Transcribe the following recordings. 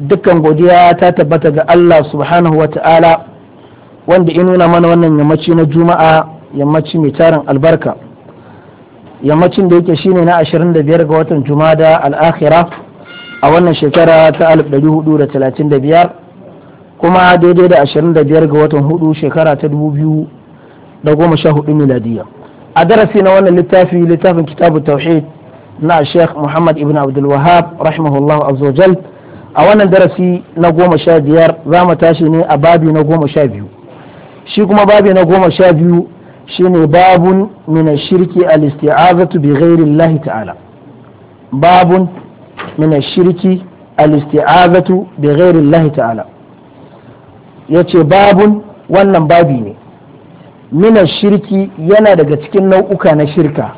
dukkan godiya ta tabbata ga Allah subhanahu wa ta'ala wanda ya nuna mana wannan yammaci na juma'a yammaci mai tarin albarka yammacin da yake shine na 25 ga watan jumada al'akhira a wannan shekara ta 1435 kuma daidai da 25 ga watan hudu shekara ta 2014 miladiya a darasi na wannan littafi littafin kitabu tauhid na sheikh muhammad ibn abdul wahab rahimahullahu azza a wannan darasi na goma sha biyar za mu tashi ne a babi na goma sha biyu shi kuma babi na goma sha biyu shi ne babun mina shirki al-isti'azatu bi ghairi ta'ala babun mina shirki al-isti'azatu bi ghairi ta'ala ce babun wannan babi ne mina shirki yana daga cikin nau'uka na shirka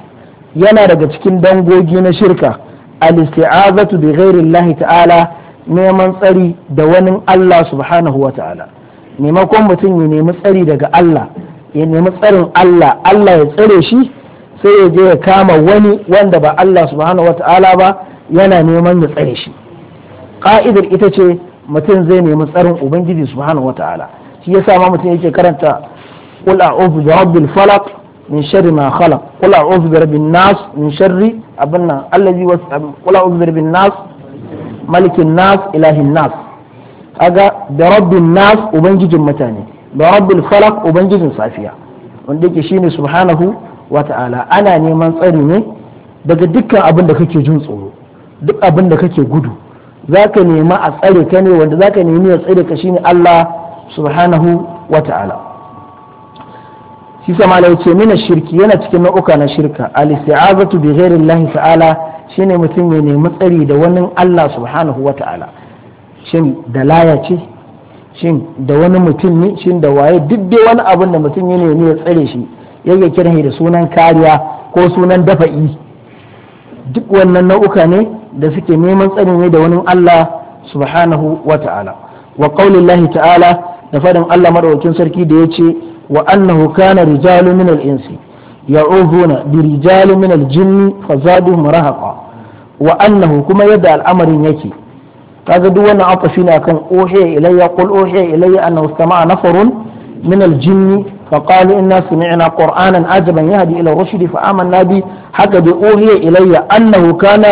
yana daga cikin dangogi na shirka al-isti'azatu bi ghairi ta'ala neman tsari da wani Allah subhanahu wa ta'ala maimakon mutum ya nemi tsari daga Allah ya nemi tsarin Allah Allah ya tsare shi sai ya je ya kama wani wanda ba Allah subhanahu wa ta'ala ba yana neman ya tsare shi ka'idar ita ce mutum zai nemi tsarin ubangiji subhanahu wa ta'ala shi yasa ma mutum yake karanta qul a'udhu bi rabbil falaq min sharri ma khalaq qul a'udhu bi rabbin nas min sharri abinna allazi qul a'udhu bi rabbin nas malikin nas ilahin nas aga da rabbin nas ubangijin mutane da rabbin falak ubangijin safiya wanda yake shine subhanahu wa ta'ala ana neman tsari ne daga dukkan abin da kake jin tsoro duk abin da kake gudu za ka nema a tsare ka ne wanda za ka nemi ya tsare ka shine Allah subhanahu wa ta'ala shi sama ce mina shirki yana cikin nau'uka na shirka al-isti'azatu bi ghairi Allah ta'ala shine mutum ya nemi tsari da wani Allah subhanahu wa ta'ala shin da laya ce shin da wani mutum ne shin da waye duk dai wani abin da mutum ya nemi ya tsare shi yake kiran da sunan kariya ko sunan dafa'i duk wannan nau'uka ne da suke neman tsari ne da wani Allah subhanahu wa ta'ala wa ta'ala da fadin Allah madaukakin sarki da yace wa annahu kana rijalu min al-insi ya'uduna bi rijalin min al-jinni fazaduhum rahaqa wa annahu kuma yadda al'amarin yake kaga duk wannan afashi ne akan ohiya ilayya qul ohiya ilayya annahu istama'a nafarun min al-jinni فقالوا إنا سمعنا قرآنا عجبا يهدي إلى الرشد فآمنا به حتى أوهي إلي أنه كان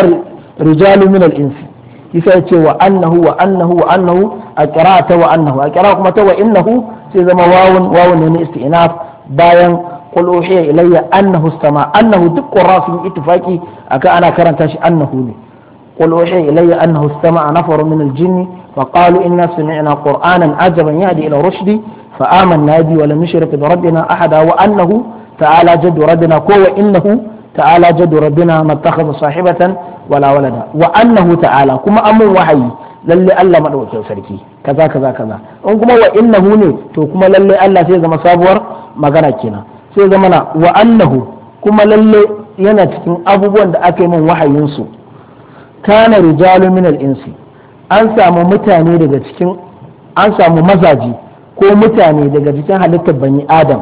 رجال من الإنس يسألت وأنه وأنه وأنه أكراءة وأنه أكراء وإنه سيزم واو واو من استئناف باين qul uhiya ilayya annahu istama annahu duk qurra sun ittifaqi akan ana karanta shi annahu ne qul uhiya ilayya annahu istama nafaru min al-jinni فقالوا إنا سمعنا قرآنا عجبا يهدي إلى رشدي فآمنا به ولم نشرك بربنا أحدا وأنه تعالى جد ربنا كو إنه تعالى جد ربنا ما اتخذ صاحبة ولا ولدا وأنه تعالى كما أمر وحي lalle Allah madaukakin sarki kaza kaza kaza in kuma wa innahu ne to kuma lalle Allah sai zama sabuwar magana kenan sai zamana wa annahu kuma lalle yana cikin abubuwan da aka yi min wahayinsu su kana rijalu minal insi an samu mutane daga cikin an samu mazaji ko mutane daga cikin halittar bani adam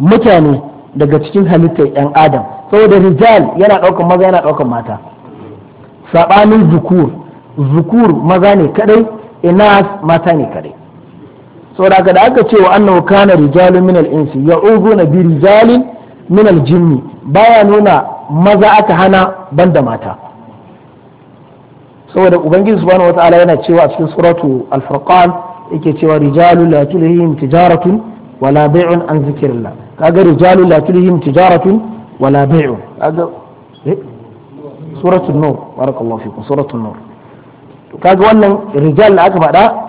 mutane daga cikin halittar yan adam saboda rijal yana ɗaukar maza yana ɗaukar mata saɓanin zukur zukur maza ne kadai inas mata ne kadai saboda da aka ce wa annahu kana rijalun min al-insi ya'uduna bi rijalin min al-jinni baya nuna maza aka hana banda mata saboda ubangiji subhanahu wataala yana cewa a cikin suratu al-furqan yake cewa rijalun la tulhihim tijaratun wala bai'un an zikrillah kaga rijalun la tulhihim tijaratun wala bai'un kaga eh? suratul nur barakallahu fikum suratul nur kaga wannan rijal da aka faɗa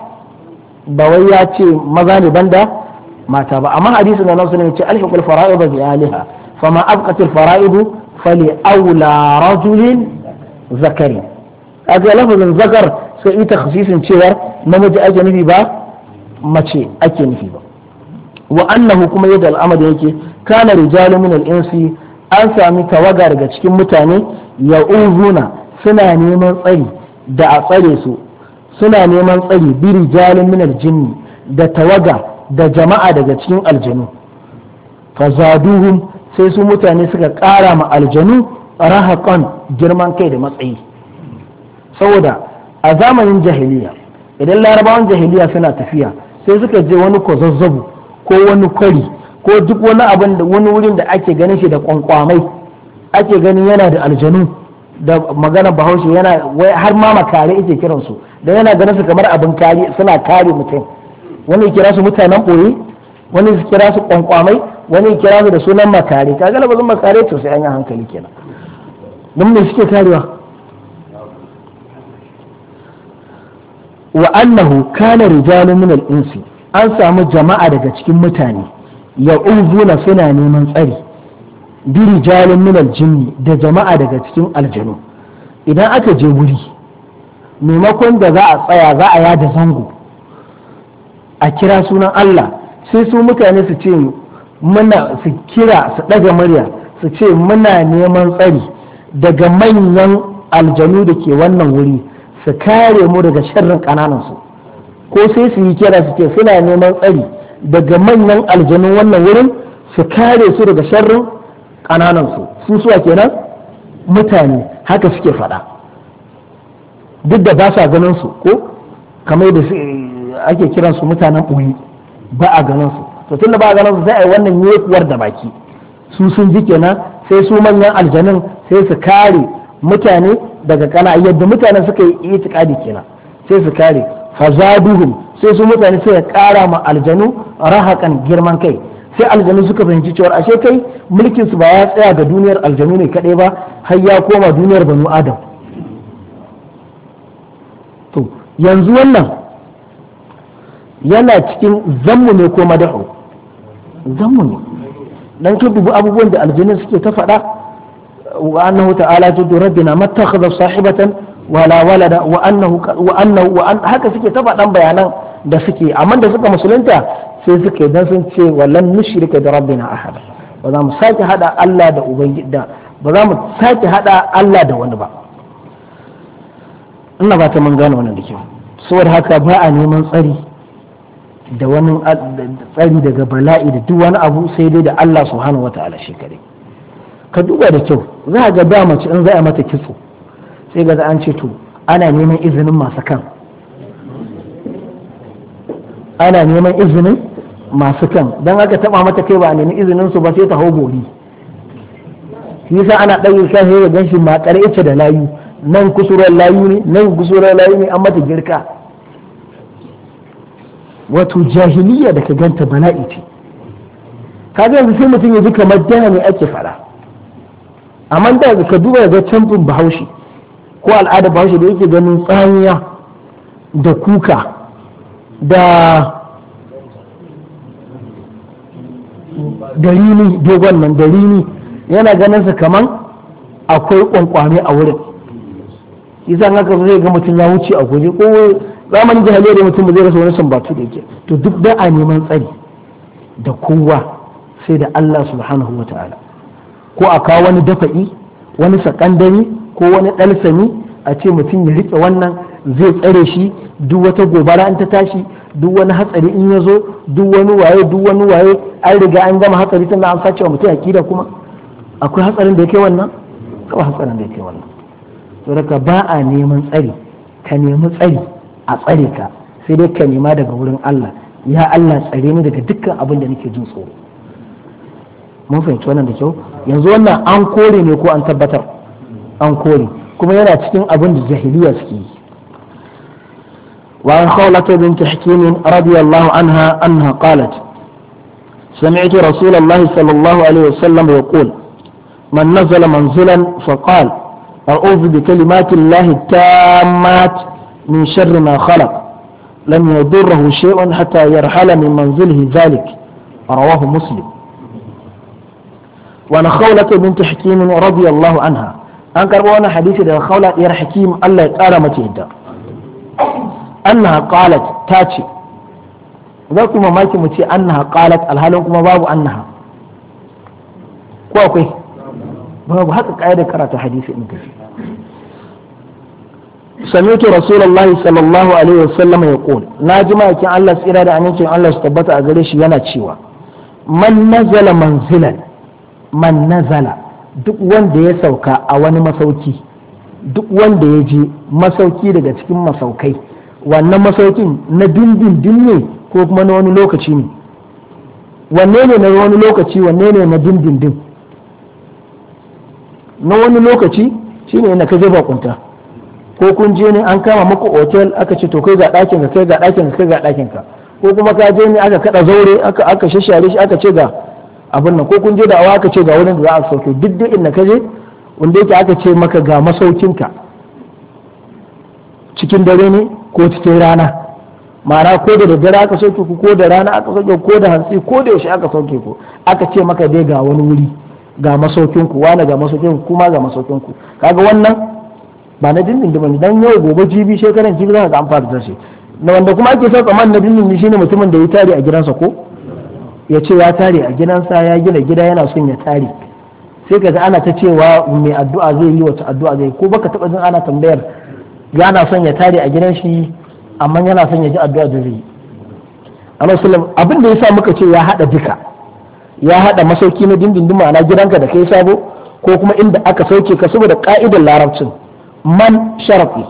ba wai ya ce maza ne banda mata ba amma hadisi na nan sunan ce alhiqul fara'id bi aliha fama abqatil fara'id fali aula rajulin zakari kaga lafazin zakar sai ita khasisin cewa namiji ake nufi ba mace ake nufi ba wa annahu kuma yadda al'amari yake kana rijalun min al-insi an sami tawaga daga cikin mutane ya uzuna suna neman tsari da a tsare su suna neman tsari biri jalin minar da tawaga da jama'a daga cikin aljanu fazaduhum sai su mutane suka ƙara ma aljanu rahaqan girman kai da matsayi saboda a zamanin jahiliya idan larabawan jahiliya suna tafiya sai suka je wani kwazazzabu ko wani kwari ko duk wani abin da wani wurin da ake ganin shi da kwankwamai ake ganin yana da aljanu da magana bahaushe yana har ma makare ake kiransu da yana ganin su kamar abin kari suna kare mutum wani kira su mutanen boye wani su kira su kwankwamai wani kira su da sunan makare kaga lafazin makare to sai an yi hankali kenan don me suke karewa wa annahu kana rijalu min al-insi an samu jama'a daga cikin mutane ya'uzuna suna neman tsari bi rijalu min al-jinni da jama'a daga cikin aljanu idan aka je wuri maimakon da za a tsaya za a yada zango a kira sunan Allah sai su mutane su ce muna su kira su ɗaga murya su ce muna neman tsari daga manyan aljanu da ke wannan wuri su kare mu daga sharrin ƙananansu ko sai su yi kira su ce suna neman tsari daga manyan aljanu wannan wurin su kare su daga sharrin ƙananansu su suwa kenan mutane haka suke faɗa. duk da ba sa ganin su ko kamar da ake kiran su mutanen ɓoyi ba a ganin su to tunda ba a ganin su sai a yi wannan yekuwar da baki su sun ji kenan sai su manyan aljanin sai su kare mutane daga kana yadda mutanen suka yi itikadi kenan sai su kare fazaduhum sai su mutane suka kara ma aljanu rahakan girman kai sai aljanu suka fahimci cewa ashe kai mulkin su ba ya tsaya ga duniyar aljanu ne kadai ba har ya koma duniyar banu adam yanzu wannan yana cikin zammu ne ko madahu zammu ne dan ka dubi abubuwan da aljanna suke ta faɗa wa annahu ta'ala jaddu rabbina mattakhadha sahibatan wala walada wa annahu wa annahu wa haka suke ta faɗan bayanan da suke amma da suka musulunta sai suke dan sun ce wallan nushrika da rabbina ahada ba za mu sake hada Allah da ubangida ba za mu sake hada Allah da wani ba ina ba ta mun gane wannan da kyau saboda haka ba a neman tsari da wani tsari daga bala'i da duk wani abu sai dai da Allah subhanahu wata'ala shi kare ka duba da kyau za ga ba mace in za a mata kitso sai ga an ce to ana neman izinin masu kan ana neman izinin masu kan don aka taba mata kai ba a nemi izinin su ba sai ta hau gori sa ana ɗaure sahi ya ganshi makar ita da layu nan kusurar layu ne nan kusurar layu ne an mata girka wato jahiliya da ka ganta bala'i ce kaga yanzu sai mutum ya ji kamar dana ne ake fara amma da ka duba ga canfin bahaushe ko al'ada bahaushe da yake ganin tsaniya da kuka da da dogon nan da yana ganin su kaman akwai kwankwame a wurin shi san haka zai ga mutum ya wuce a guje ko zamanin jahiliya da mutum zai rasa wani sambatu da yake to duk da a neman tsari da kowa sai da Allah subhanahu wa ta'ala ko a kawo wani dafa'i wani sakandami ko wani dalsami a ce mutum ya rike wannan zai tsare shi duk wata gobara an ta tashi duk wani hatsari in ya zo duk wani waye duk wani waye an riga an gama hatsari tunda an sace wa mutum akida kuma akwai hatsarin da yake wannan akwai hatsarin da yake wannan saboda ba a neman tsari ka nemi tsari a tsare ka sai dai ka nema daga wurin Allah ya Allah tsare ni daga dukkan abin da nake jin tsoro mun fahimci wannan da kyau yanzu wannan an kore ne ko an tabbatar an kore kuma yana cikin abin da jahiliya suke yi an خولة بنت حكيم رضي الله عنها أنها قالت سمعت رسول الله صلى الله عليه وسلم يقول من نزل منزلا فقال أعوذ بكلمات الله التامات من شر ما خلق لم يضره شيء حتى يرحل من منزله ذلك رواه مسلم وأنا خولة بنت حكيم رضي الله عنها أنكر وأنا حديث إلى خولة يا حكيم الله يتعالى متهدى أنها قالت تاتي za ku mamaki mu ce annaha qalat alhalin kuma babu annaha ko akwai babu haka ƙa'ida karata hadisi in kace sami'tu rasulullahi sallallahu alaihi wasallam yaqul na ji ma'aikin Allah tsira da amincin Allah su tabbata a gare shi yana cewa man nazala manzilan man nazala duk wanda ya sauka a wani masauki duk wanda ya je masauki daga cikin masaukai wannan masaukin na dindindin ne ko kuma na wani lokaci ne wanne ne na wani lokaci wanne ne na dindindin na wani lokaci shine na ka je bakunta ko kun je ne an kama maka otel aka ce to kai ga ɗakin ka kai ga ɗakin ka kai ga ɗakin ka ko kuma ka je ne aka kada zaure aka aka shashare shi aka ce ga abin nan ko kun je da awa aka ce ga wurin da za a sauke duk da inda ka je wanda yake aka ce maka ga masaukin ka cikin dare ne ko cikin rana ma'ana ko da daddare aka sauke ku ko da rana aka sauke ko da hantsi ko da yaushe aka sauke ku aka ce maka dai ga wani wuri ga masokinku wane ga masokinku kuma ga masokinku kaga wannan ba na da bane dan yau gobe jibi shekaran jibi za ga amfani da tashi na wanda kuma ake sa tsammanin na shi ne mutumin da ya tare a gidansa ko ya ce ya tare a gidansa ya gina gida yana son ya tare sai ka ana ta cewa mai addu'a zai yi wata addu'a zai ko baka taba jin ana tambayar yana son ya tare a gidan shi amma yana son ya ji addu'a da zai yi Allah abin da sa muka ce ya hada duka ya haɗa masauki na dindindin ma'ana gidanka da kai sabo ko kuma inda aka sauke ka saboda ka'idar larabcin man sharafi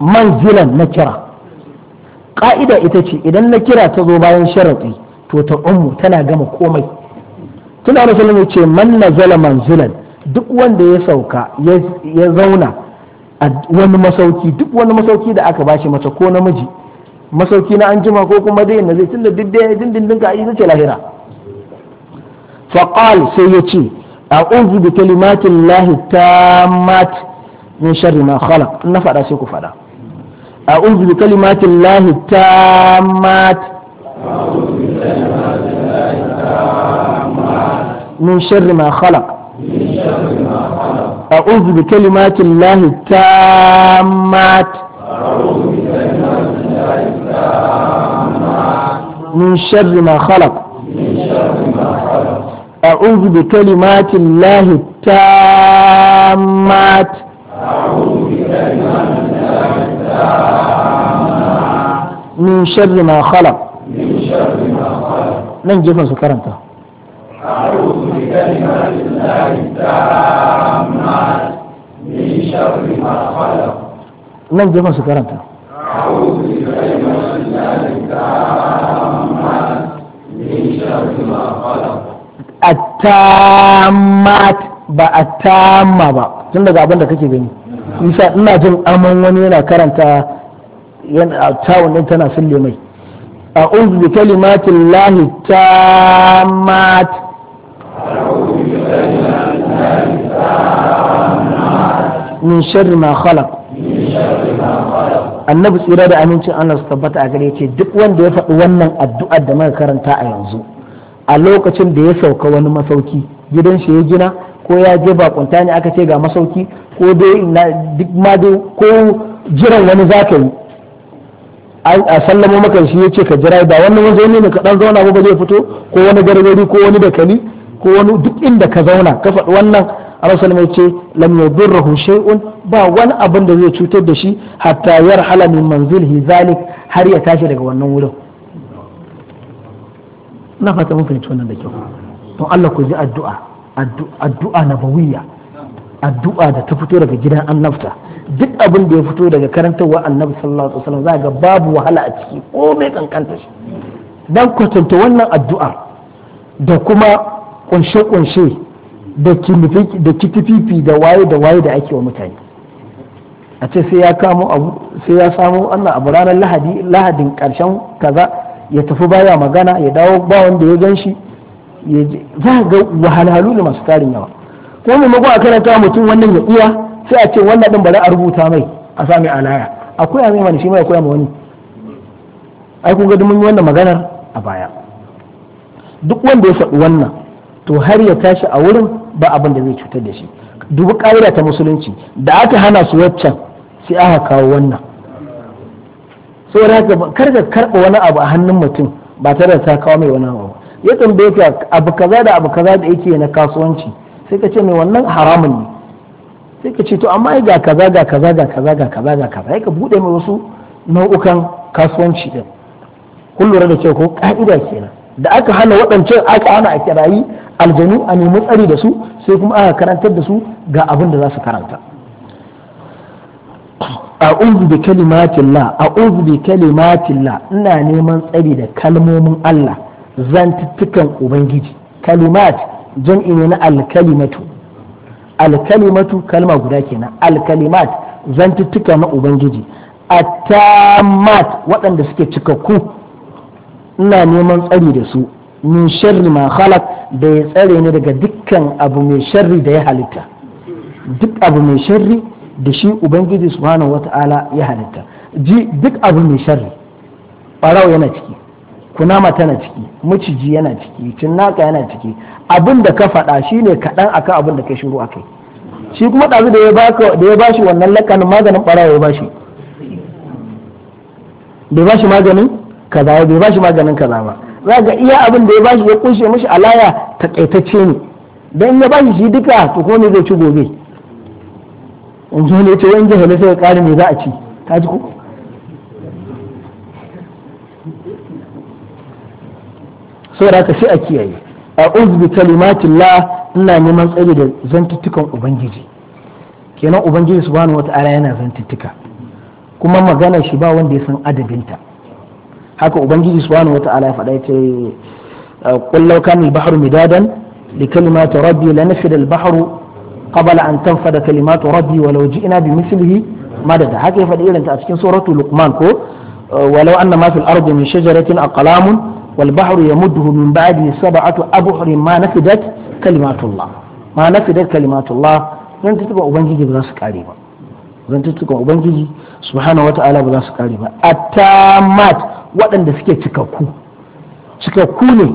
man zilan na kira Ƙa'ida ita ce idan na kira ta zo bayan sharafi to ta ummu tana gama komai tuna da sallama ce man man zilan duk wanda ya sauka ya zauna a wani masauki duk wani masauki da aka bashi mace ko namiji masauki na anjima ko kuma dai na zai tunda duk dai dindindin ka ita ce lahira فقال سيتي أعوذ بكلمات الله التامات من شر ما خلق نفر أسيك فلا أعوذ بكلمات الله التامات من شر ما خلق أعوذ بكلمات الله التامات من شر ما خلق أعوذ بكلمات الله التامات من شر ما خلق من شر ما خلق جفن سكرنته أعوذ بكلمات الله التامات من شر ما خلق من جفن سكرنته أعوذ بكلمات الله التامات من شر ما خلق tamat ba a tama ba tun daga abin da kake gani isa ina jin aman wani yana karanta yana tawon din tana sulle mai ungu bi kalimatin lahi tamat min sharri ma khalaq annabi tsira da amincin Allah su tabbata a gare ce duk wanda ya faɗi wannan addu'ar da muka karanta a yanzu a lokacin da ya sauka wani masauki gidan shi ya gina ko ya je bakunta ne aka ce ga masauki ko dai duk ma ko jiran wani zaka yi a sallama maka shi ya ce ka jira ba wani wani ne ka dan zauna ba zai fito ko wani gargari ko wani dakali ko wani duk inda ka zauna ka faɗi wannan rasul mai ce lam yadurruhu shay'un ba wani abin da zai cutar da shi hatta yarhala min manzilhi zalik har ya tashi daga wannan wurin na fata mun fahimci wannan da kyau don Allah ku ji addu'a addu'a na bawiya addu'a da ta fito daga gidan annabta duk abin da ya fito daga karantarwa annabi sallallahu alaihi wasallam za ga babu wahala a ciki ko mai kankanta shi dan kwatanta wannan addu'a da kuma kunshe kunshe da kimifi da kitififi da waye da waye da ake wa mutane a ce sai ya kamo abu sai samu Allah abu ranar lahadi lahadin karshen kaza ya tafi baya magana ya dawo ba wanda ya gan shi za ga wahalhalu ne masu tarin yawa ko maimakon a karanta mutum wannan ya iya sai a ce wannan din bari a rubuta mai a sami alaya a koya mai wani shi mai koya ma wani ai kun ga mun yi wannan maganar a baya duk wanda ya faɗi wannan to har ya tashi a wurin ba abin da zai cutar da shi dubi ƙa'ida ta musulunci da aka hana su waccan sai aka kawo wannan saboda haka kar ka karɓa wani abu a hannun mutum ba tare da ta kawo mai wani abu ya tambaye ka abu kaza da abu kaza da yake na kasuwanci sai ka ce mai wannan haramun ne sai ka ce to amma ga kaza ga kaza ga kaza ga kaza ga kaza ka bude mai wasu nau'ukan kasuwanci din kun lura da cewa ko ka'ida kenan da aka hana waɗancan aka hana a kirayi aljanu a nemi tsari da su sai kuma aka karantar da su ga abin da za su karanta a'udhu bi a a'udhu bi kalimatillah ina neman tsari da kalmomin Allah zantuttukan ubangiji kalimat jan ina na alkalimatu alkalimatu kalma guda kenan alkalimat zantuttuka na ubangiji attamat waɗanda suke cikakku ina neman tsari da su min shari ma khalaq da ya tsare ni daga dukkan abu mai sharri da ya halitta duk abu mai sharri da shi ubangiji subhanahu wata'ala ya halitta ji duk abu mai sharri ɓarawo yana ciki kunama tana ciki maciji yana ciki cinnaka yana ciki abin da ka faɗa shi ne kaɗan akan abin da ka shiru akai shi kuma ɗazu da ya ba shi bashi wannan lakanin maganin ɓarawo ya bashi bai bashi maganin kaza ba bai bashi maganin kaza ba za ga iya abin da ya bashi ya kunshe mishi alaya taƙaitacce ne dan ya bashi shi duka to ko ne zai ci gobe in ji wani ce wani jahilai sai ƙari me za a ci ka ji Sau da haka sai a kiyaye a uzbi kalimatillah ina neman tsari da zantuttukan ubangiji kenan ubangiji su bani wata wata'ala yana zantuttuka kuma magana shi ba wanda ya san adabinta haka ubangiji su bani wata wata'ala ya faɗa ya ce qul law kana al-bahru midadan da kalimati rabbi lanafida al-bahru qabla an tanfada kalimatu rabbi walau ji'na bi madada haka faɗi irin ta a cikin suratu luqman ko uh, walau anna ma fil ardi min shajaratin aqlamun wal bahru yamudduhu min ba'dihi sab'atu abhurin ma nafidat kalimatullah ma nafidat kalimatullah zan tuka ubangiji ba za su kare ba zan tuka ubangiji subhanahu wata'ala ba za su kare ba atamat waɗanda suke cikakku cikakku ne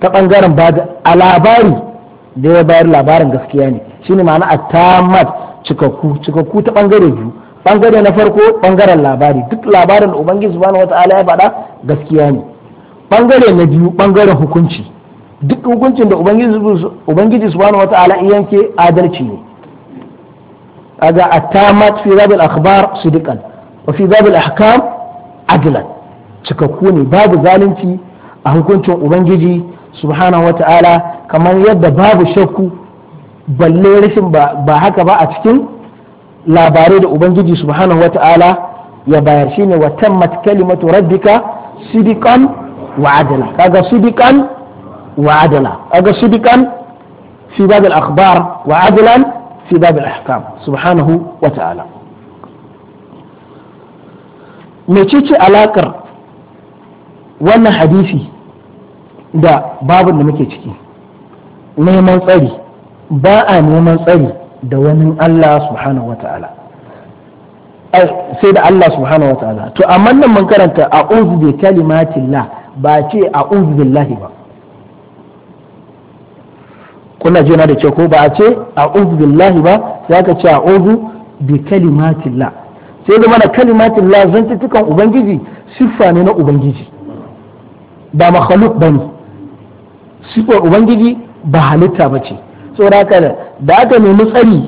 ta ɓangaren bada a labari da bayar labarin gaskiya ne shine ma'ana a cikakku cikakku ta bangare biyu bangare na farko bangaren labari duk labarin da ubangiji subhanahu wataala ya faɗa gaskiya ne bangare na biyu bangaren hukunci duk hukuncin da ubangiji subhanahu wataala yanke adalci ne aga at-tammat fi babil akhbar sidqan wa fi babil ahkam adlan cikakku ne babu zalunci a hukuncin ubangiji subhanahu wataala kamar yadda babu shakku balle rashin ba haka ba a cikin labarai da ubangiji subhanahu ta'ala ya bayar shine wa tammat kalimatu rabbika sidikan wa adala kaga sidikan wa adala kaga sidikan fi bab al wa adlan fi bab al-ahkam wa ta'ala mecece alakar wannan hadisi da babin da muke ciki neman tsari ba a neman tsari da wani Allah subhanahu wa ta'ala sai da Allah subhanahu wa ta'ala to amma nan mun karanta a'udhu bi kalimatillah ba ce a'udhu billahi ba kuna na da ce ko ba a ce a'udhu billahi ba za ka ce a'udhu bi kalimatillah sai da mana kalimatillah tukan ubangiji siffa ne na ubangiji ba makhluk bane siffar ubangiji ba halitta ba ce saboda da aka nemi tsari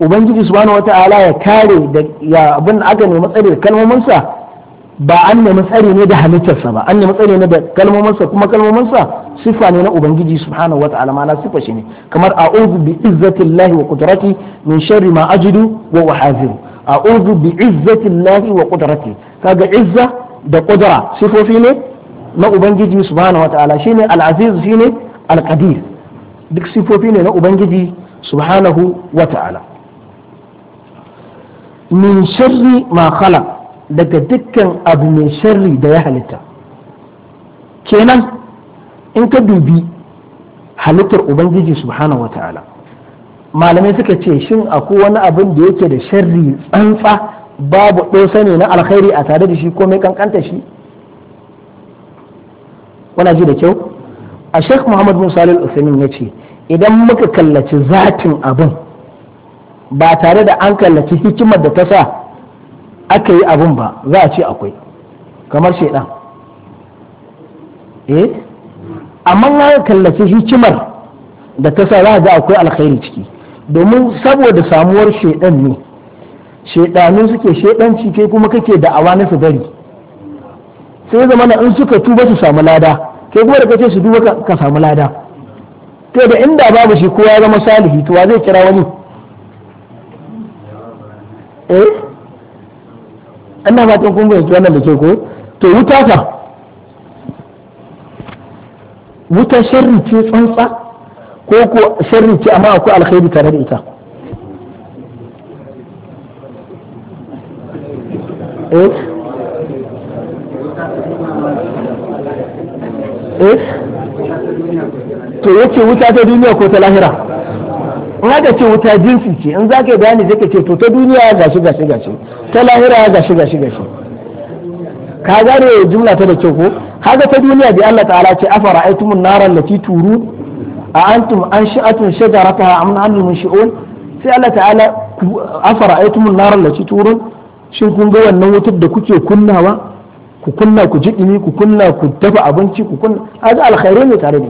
ubangiji subhanahu wata'ala ya kare da ya abin da aka nemi tsari da kalmominsa ba an nemi tsari ne da halittarsa ba an nemi tsari ne da kalmominsa kuma kalmominsa sifa ne na ubangiji subhanahu wata'ala ma sifa shi ne kamar a'udhu bi izzatillahi wa qudrati min sharri ma ajidu wa uhazir a'udhu bi izzatillahi wa qudrati kaga izza da qudra sifofi ne na ubangiji subhanahu wata'ala shine al-aziz shine al-qadir duk sifofi ne na ubangiji subhanahu wa ta'ala min sharri ma khala daga dukkan abu mai sharri da ya halitta kenan in ka dubi halittar ubangiji subhanahu wa ta'ala malamai suka ce shin akwai wani abin da yake da sharri tsantsa babu ɗosa ne na alkhairi a tare da shi ko mai kankanta shi wana ji da kyau a sheikh muhammad musa al-usaimin ya ce idan muka kallaci zatin abin ba tare da an kallaci hikimar da ta sa aka yi abin ba za a ce akwai kamar shaidan eh amma ya kallaci hikimar da ta sa za a ga akwai alkhairi ciki domin saboda samuwar shaidan ne shaidanu suke shaidanci kai kuma kake da'awa na su bari sai zama na in suka tuba su samu lada kai kuma da kace su duba ka samu lada to da inda babu shi kowa ya zama salihi to wa zai kira wani eh annan fatan kun bayyana wannan da ke ko to wuta fa wuta sharri ce tsantsa ko ko sharri ce amma akwai alkhairi tare da ita eh to yace wuta ta duniya ko ta lahira in haka ce wuta jinsi ce in zaka yi bayani zaka ce to ta duniya gashi gashi gashi ta lahira gashi gashi gashi ka gane jumla ta da kyau ko Haka ta duniya bi Allah ta'ala ce afara aitumun naran lati turu a antum an shi'atun shajarataha am nahnu munshi'un sai Allah ta'ala afara aitumun naran lati turu? shin kun ga wannan wutar da kuke kunnawa ku kunna ku ji dumi ku kunna ku dafa abinci ku kunna haga alkhairi ne tare da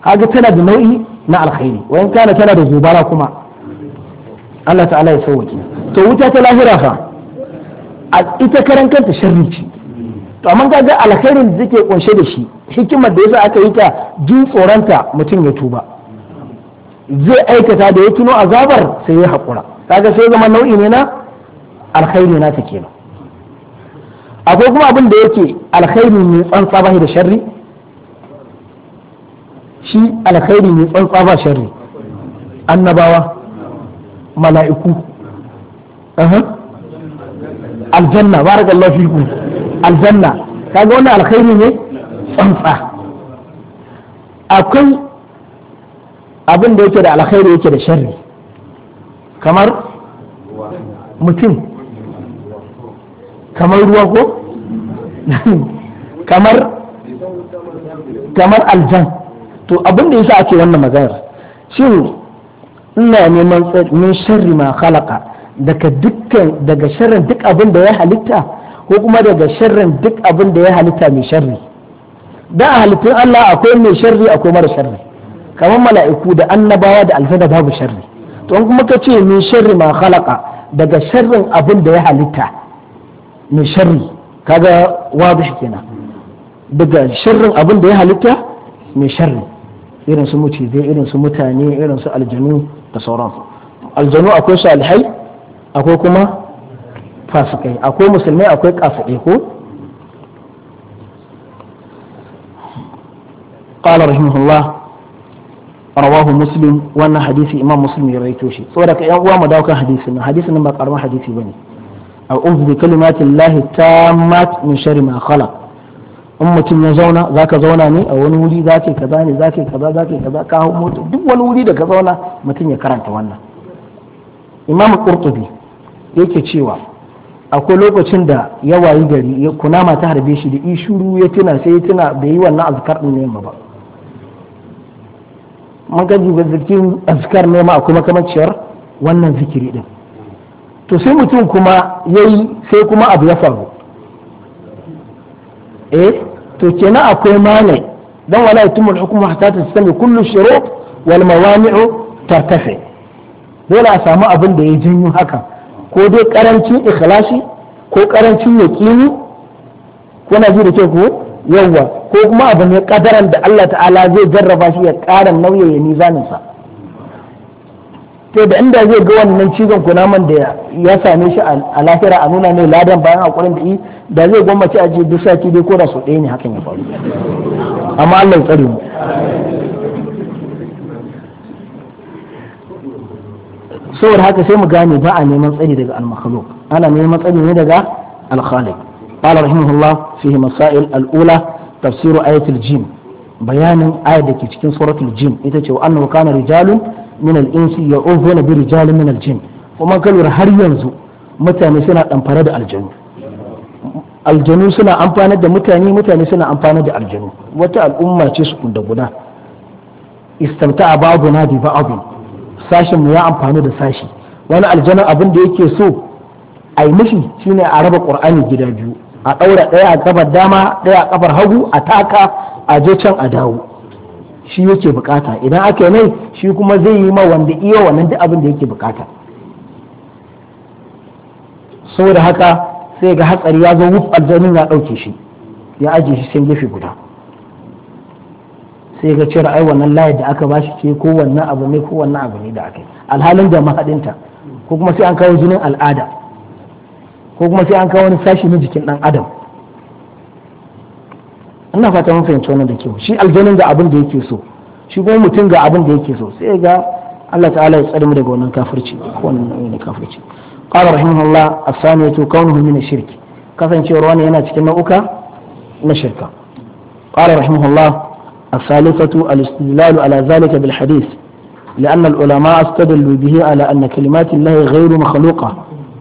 haka tana da nau'i na alkhairi wayan kana tana da zubara kuma Allah ta'ala ya sauwaki to wuta ta lahira fa a ita karan kanta sharri ce to amma ga alkhairin da take kunshe da shi hikimar da yasa aka yi ta ji tsoranta mutum ya tuba zai aikata da ya tuno azabar sai ya haƙura kaga sai zama nau'i ne na alkhairi na ta kenan akwai kuma abin da yake alkhairi ne tsantsa ba da sharri shi alkhairi ne tsantsa ba sharri annabawa mala'iku aljanna barakallahu fiku aljanna kaga wannan alkhairi ne tsantsa akwai abin da yake da alkhairi yake da sharri kamar mutum kamar ruwa ko kamar kamar aljan to abin da yasa ake wannan maganar shin ina neman min sharri ma khalaqa daga dukkan daga sharrin duk abin da ya halitta ko kuma daga sharrin duk abin da ya halitta mai sharri da a halittun Allah akwai mai sharri akwai mara sharri kamar mala'iku da annabawa da aljanna babu sharri to an kuma ka ce min sharri ma khalaqa daga sharrin abin da ya halitta mai sharri kaga wadu shi kenan daga sharrin abin da ya halitta mai sharri irin su macizai irin su mutane irin su aljanu da sauransu aljanu akwai su alhai akwai kuma fasikai akwai musulmai akwai kafirai ko قال رحمه الله رواه مسلم وانا حديث امام مسلم يرويته شي صورك يا uwa mu dauka hadisin hadisin ba karamin hadisi bane a'udhu bi ta mat min shari ma khalaq in mutum ya zauna zaka zauna ne a wani wuri yi kaza ne yi kaza yi kaza ka hau mota duk wani wuri da ka zauna mutum ya karanta wannan imam qurtubi yake cewa akwai lokacin da ya wayi gari kunama ta harbe shi da ishuru ya tuna sai ya tuna bai yi wannan azkar din ne ba mun ga jikin azkar ne ma akwai makamanciyar wannan zikiri din to sai mutum kuma yayi sai kuma abu ya faru eh to kenan akwai mane dan wala yatimul hukmu hatta tastami kullu shurut wal mawani'u tartafi dole a samu abin da ya janyo haka ko dai karancin ikhlashi ko karancin yaqini ko na ji da ke ko yawwa ko kuma abu ne kadaran da Allah ta'ala zai jarraba shi ya ƙara nauyi ya nizaninsa to da inda zai ga wannan cizon kunaman da ya same shi a lahira a nuna ne ladan bayan hakurin da yi da zai gwammace a duk sati dai ko da su ɗaya ne hakan ya faru amma Allah ya tsare mu saboda haka sai mu gane ba a neman tsari daga al ana neman tsari ne daga al-khaliq قال رحمه الله فيه مسائل الأولى تفسير آية الجيم بيان آية cikin suratul jin ita ce wa'annan wakana kana rijalun min al-insi ya'uduna bi rijalin min al-jinn kuma kalwar har yanzu mutane suna damfara da aljanu aljanu suna amfana da mutane mutane suna amfana da aljanu wata al'umma ce su da guda istamta'a ba'duna bi ba'd sashin mu ya amfani da sashi wani aljanu abin da yake so a yi mishi shine a raba ƙur'ani gida biyu a ɗaura ɗaya a kafar dama ɗaya a kafar hagu a taka a je can a dawo shi yake bukata idan aka yi mai shi kuma zai yi ma wanda iya wannan duk abin da yake bukata saboda haka sai ga hatsari ya zo wuf aljamin ya dauke shi ya ajiye shi sai gefe guda sai ga cewa ai wannan layar da aka bashi ce ko wannan abu ne ko wannan abu ne da aka yi alhalin da mahadinta ko kuma sai an kawo jinin al'ada ko kuma sai an kawo wani sashi na jikin dan adam ina fata mun fahimci wannan da kyau shi aljanin ga abin da yake so shi kuma mutum ga abin da yake so sai ga Allah ta'ala ya tsare mu daga wannan kafirci wannan nau'i kafirci qala rahimahullah as-saniyatu kaunuhu min ash kasancewar wani yana cikin nau'uka na shirka qala rahimahullah الثالثة الاستدلال على ذلك بالحديث لأن العلماء استدلوا به على أن كلمات الله غير مخلوقة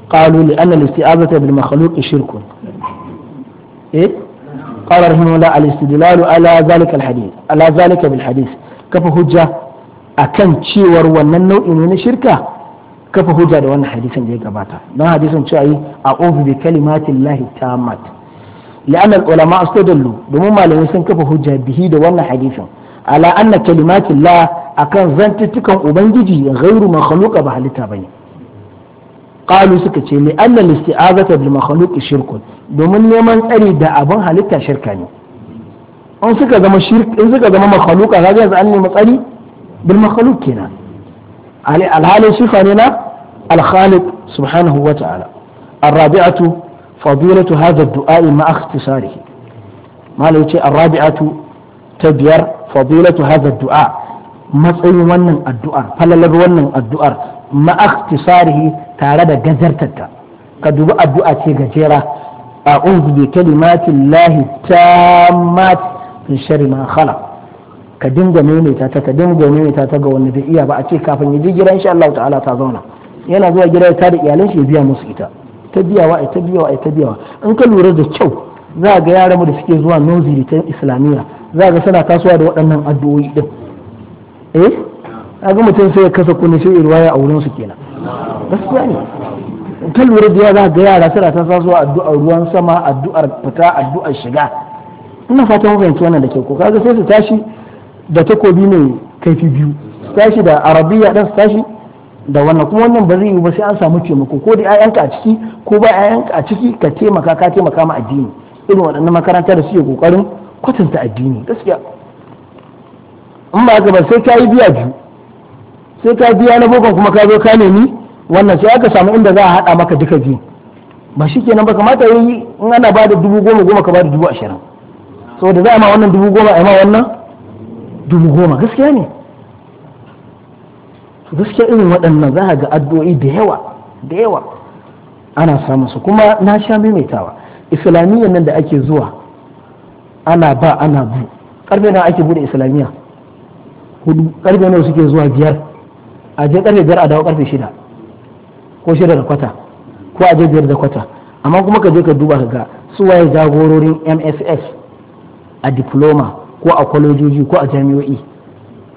قالوا لأن الاستعاذة بالمخلوق شرك إيه؟ قال رحمه الله الاستدلال على ذلك الحديث على ذلك بالحديث كف حجة أكن تشيور وننو إنين شركة كف حجة وانا حديثا جاي قباتا ما حديثا شعي أعوذ بكلمات الله التامات لأن العلماء استدلوا بمما لم يسن كف حجة به وانا حديثا على أن كلمات الله أكن زنتتكم أبنجي غير مخلوقة بحالتها بين qalu suka ce li anna isti'azata bil makhluq shirkun domin neman tsari da abin halitta shirka ne in suka zama shirk in suka zama makhluqa kaga yanzu an nemi tsari bil makhluq kenan alhali sifa ne na al-khaliq subhanahu wa ta'ala الرابعة فضيلة هذا الدعاء مع اختصاره ما لو الرابعة تبير فضيلة هذا الدعاء matsayin wannan addu'ar falalar wannan addu'ar ma ikhtisarihi tare da gazartarta ka dubi addu'a ce gajera a'udhu bi kalimatin lahi mat min shari ma khalaq ka dinga maimaita ta ka dinga maimaita ta ga wanda bai iya ba a ce kafin ya je gida insha Allah ta'ala ta zauna yana zuwa gida ya tada iyalan shi ya biya musu ita ta biyawa ai ta biyawa ai ta biyawa in ka lura da kyau za ga yaran da suke zuwa nursery ta islamiyya za ga suna kasuwa da waɗannan addu'o'i din eh ga mutum sai ya kasa kunne sai ruwaya a wurin su kenan gaskiya ne kan lura da yara ga yara suna ta sa zuwa addu'ar ruwan sama addu'ar fita addu'ar shiga ina fatan fahimci wannan da ke ko kaga sai su tashi da takobi mai kaifi biyu su tashi da arabiya dan su tashi da wannan kuma wannan ba zai yi ba sai an samu taimako ko da ayanka a ciki ko ba ayanka a ciki ka taimaka ka taimaka ma addini irin waɗannan makaranta da suke kokarin kwatanta addini gaskiya in ba ga ba sai ta yi biya biyu sai ka biya na bokon kuma ka zo ka nemi wannan sai aka samu inda za a haɗa maka duka biyu ba shi kenan ba kamata yi in ana ba da dubu goma goma ka ba da dubu ashirin saboda za a ma wannan dubu goma a ma wannan dubu goma gaskiya ne gaskiya irin waɗannan za a ga addu'o'i da yawa da yawa ana samun su kuma na sha maimaitawa islamiyya nan da ake zuwa ana ba ana bu karfe nan ake bude islamiyya hudu karfe nawa suke zuwa biyar a je karfe biyar a dawo karfe shida ko shida da kwata ko a je biyar da kwata amma kuma ka je ka duba ka ga su waye jagororin mss a diploma ko a kwalejoji ko a jami'o'i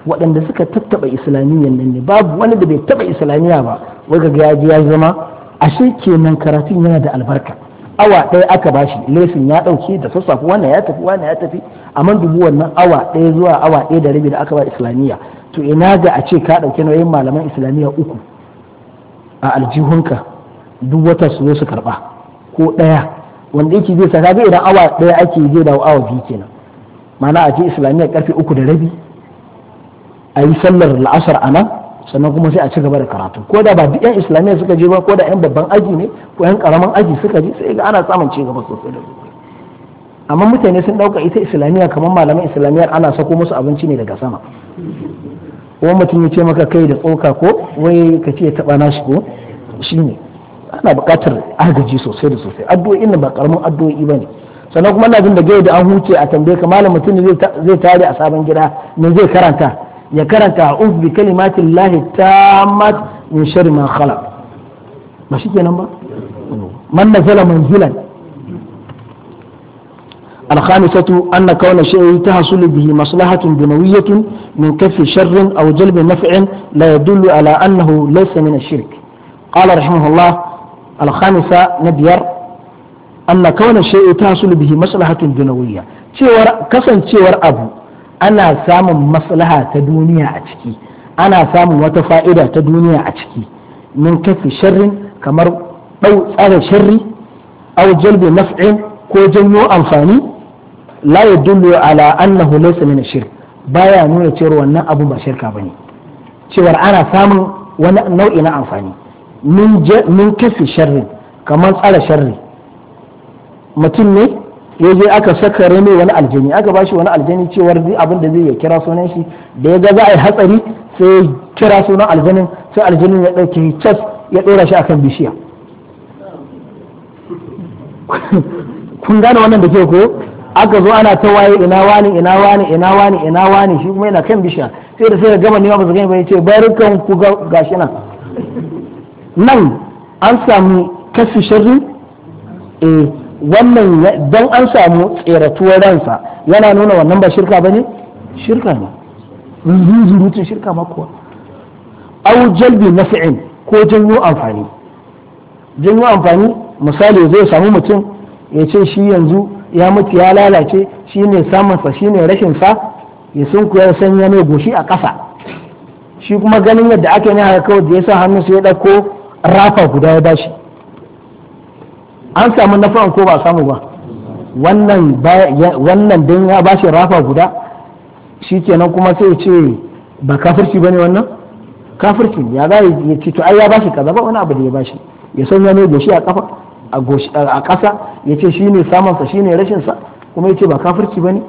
waɗanda suka tattaɓa islamiyyar nan ne babu wani da bai taɓa islamiyya ba wai ga ya ji ya zama ashe kenan karatun yana da albarka awa ɗaya aka ba shi lesin ya ɗauki da sassafe wannan ya tafi wannan ya tafi amma dubu wannan awa ɗaya zuwa awa ɗaya da rabi da aka ba islamiyya to ina ga a ce ka ɗauki nauyin malaman islamiyya uku a aljihunka duk wata su zo su karɓa ko ɗaya wanda yake zai saka ga idan awa ɗaya ake zai dawo awa biyu kenan ma'ana a je islamiyya karfe uku da rabi a yi sallar la'asar a nan sannan kuma sai a ci gaba da karatu ko da ba duk yan islamiyya suka je ba ko da yan babban aji ne ko yan karaman aji suka je sai ga ana samun ci gaba sosai da sosai amma mutane sun dauka ita islamiyya kamar malaman islamiyyar ana sako musu abinci ne daga sama wani mutum ya ce maka kai da tsoka ko wai ka ce taɓa nashi ko shi ne ana buƙatar agaji sosai da sosai addu'o'in ba karamin addu'o'i ba ne sannan kuma na jin da gaida an huce a tambaye ka malam mutum zai tare a sabon gida me zai karanta ya karanta a uf bi kalimatin lahi mat min sharri ma ba shikenan ba man nazala manzilan الخامسة أن كون شيء تحصل به مصلحة دنيوية من كف شر أو جلب نفع لا يدل على أنه ليس من الشرك قال رحمه الله الخامسة نبير أن كون شيء تحصل به مصلحة دنيوية cewar kasancewar abu ana samun maslaha ta duniya a ciki ana samun wata fa'ida ta duniya a ciki min kafi sharrin kamar ɗau tsare sharri au naf'in ko janyo amfani la dullu ala annahu laysa min shirk baya nuna cewa wannan abu ba shirka bane cewa ana samun wani nau'i na amfani min min kafi sharri kamar tsara sharri mutum ne ya je aka saka rene wani aljini aka ba shi wani aljini cewar zai abin da zai ya kira sunan shi da ya ga za a yi hatsari sai kira sunan aljinin sai aljinin ya ɗauke cas ya ɗora shi akan bishiya kun gane wannan da ke ko aka zo ana ta waye ina wani ina wani ina wani ina wani shi kuma yana kan bishiya sai da sai da gama nema ba su gani ba yace barkan ku shi nan nan an samu kasu sharri eh wannan dan an samu tseratuwar ransa yana nuna wannan ba shirka bane shirka ne zuzurutun shirka ma kuwa aw jalbi naf'in ko janyo amfani janyo amfani misali zai samu mutum ya ce shi yanzu ya mutu ya lalace shine samunsa shine rashin sa ya sunku ya sanya mai goshi a ƙasa shi kuma ganin yadda ake ne haka kawai da ya sa hannu sai ya ɗauko rafa guda ya bashi an samu na ko ba samu ba wannan don ya bashi rafa guda shi kenan kuma sai ce ba kafirci ba ne wannan kafirci ya za ya ce to ai ya bashi kaza ba wani abu da ya bashi ya sanya mai goshi a ƙafa a ƙasa ya ce samunsa shi shine rashinsa kuma ya ce ba kafirki ba ne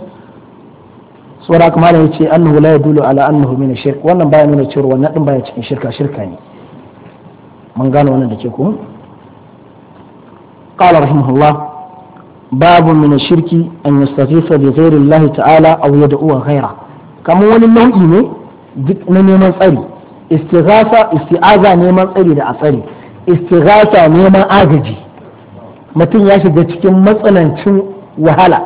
saboda kuma ya ce nuhu laye dole ala nuhu mini shirk wannan baya nuna cewa wannan ɗin baya cikin shirka shirka ne mun gano wannan da ke kuma qala rahimahullah babu min shirki an yastaghitha bi ghairi lahi ta'ala aw uwan ghaira kamar wani nau'i ne duk na neman tsari istighatha isti'aza neman tsari da a tsari istighatha neman agaji mutum ya shiga cikin matsanancin wahala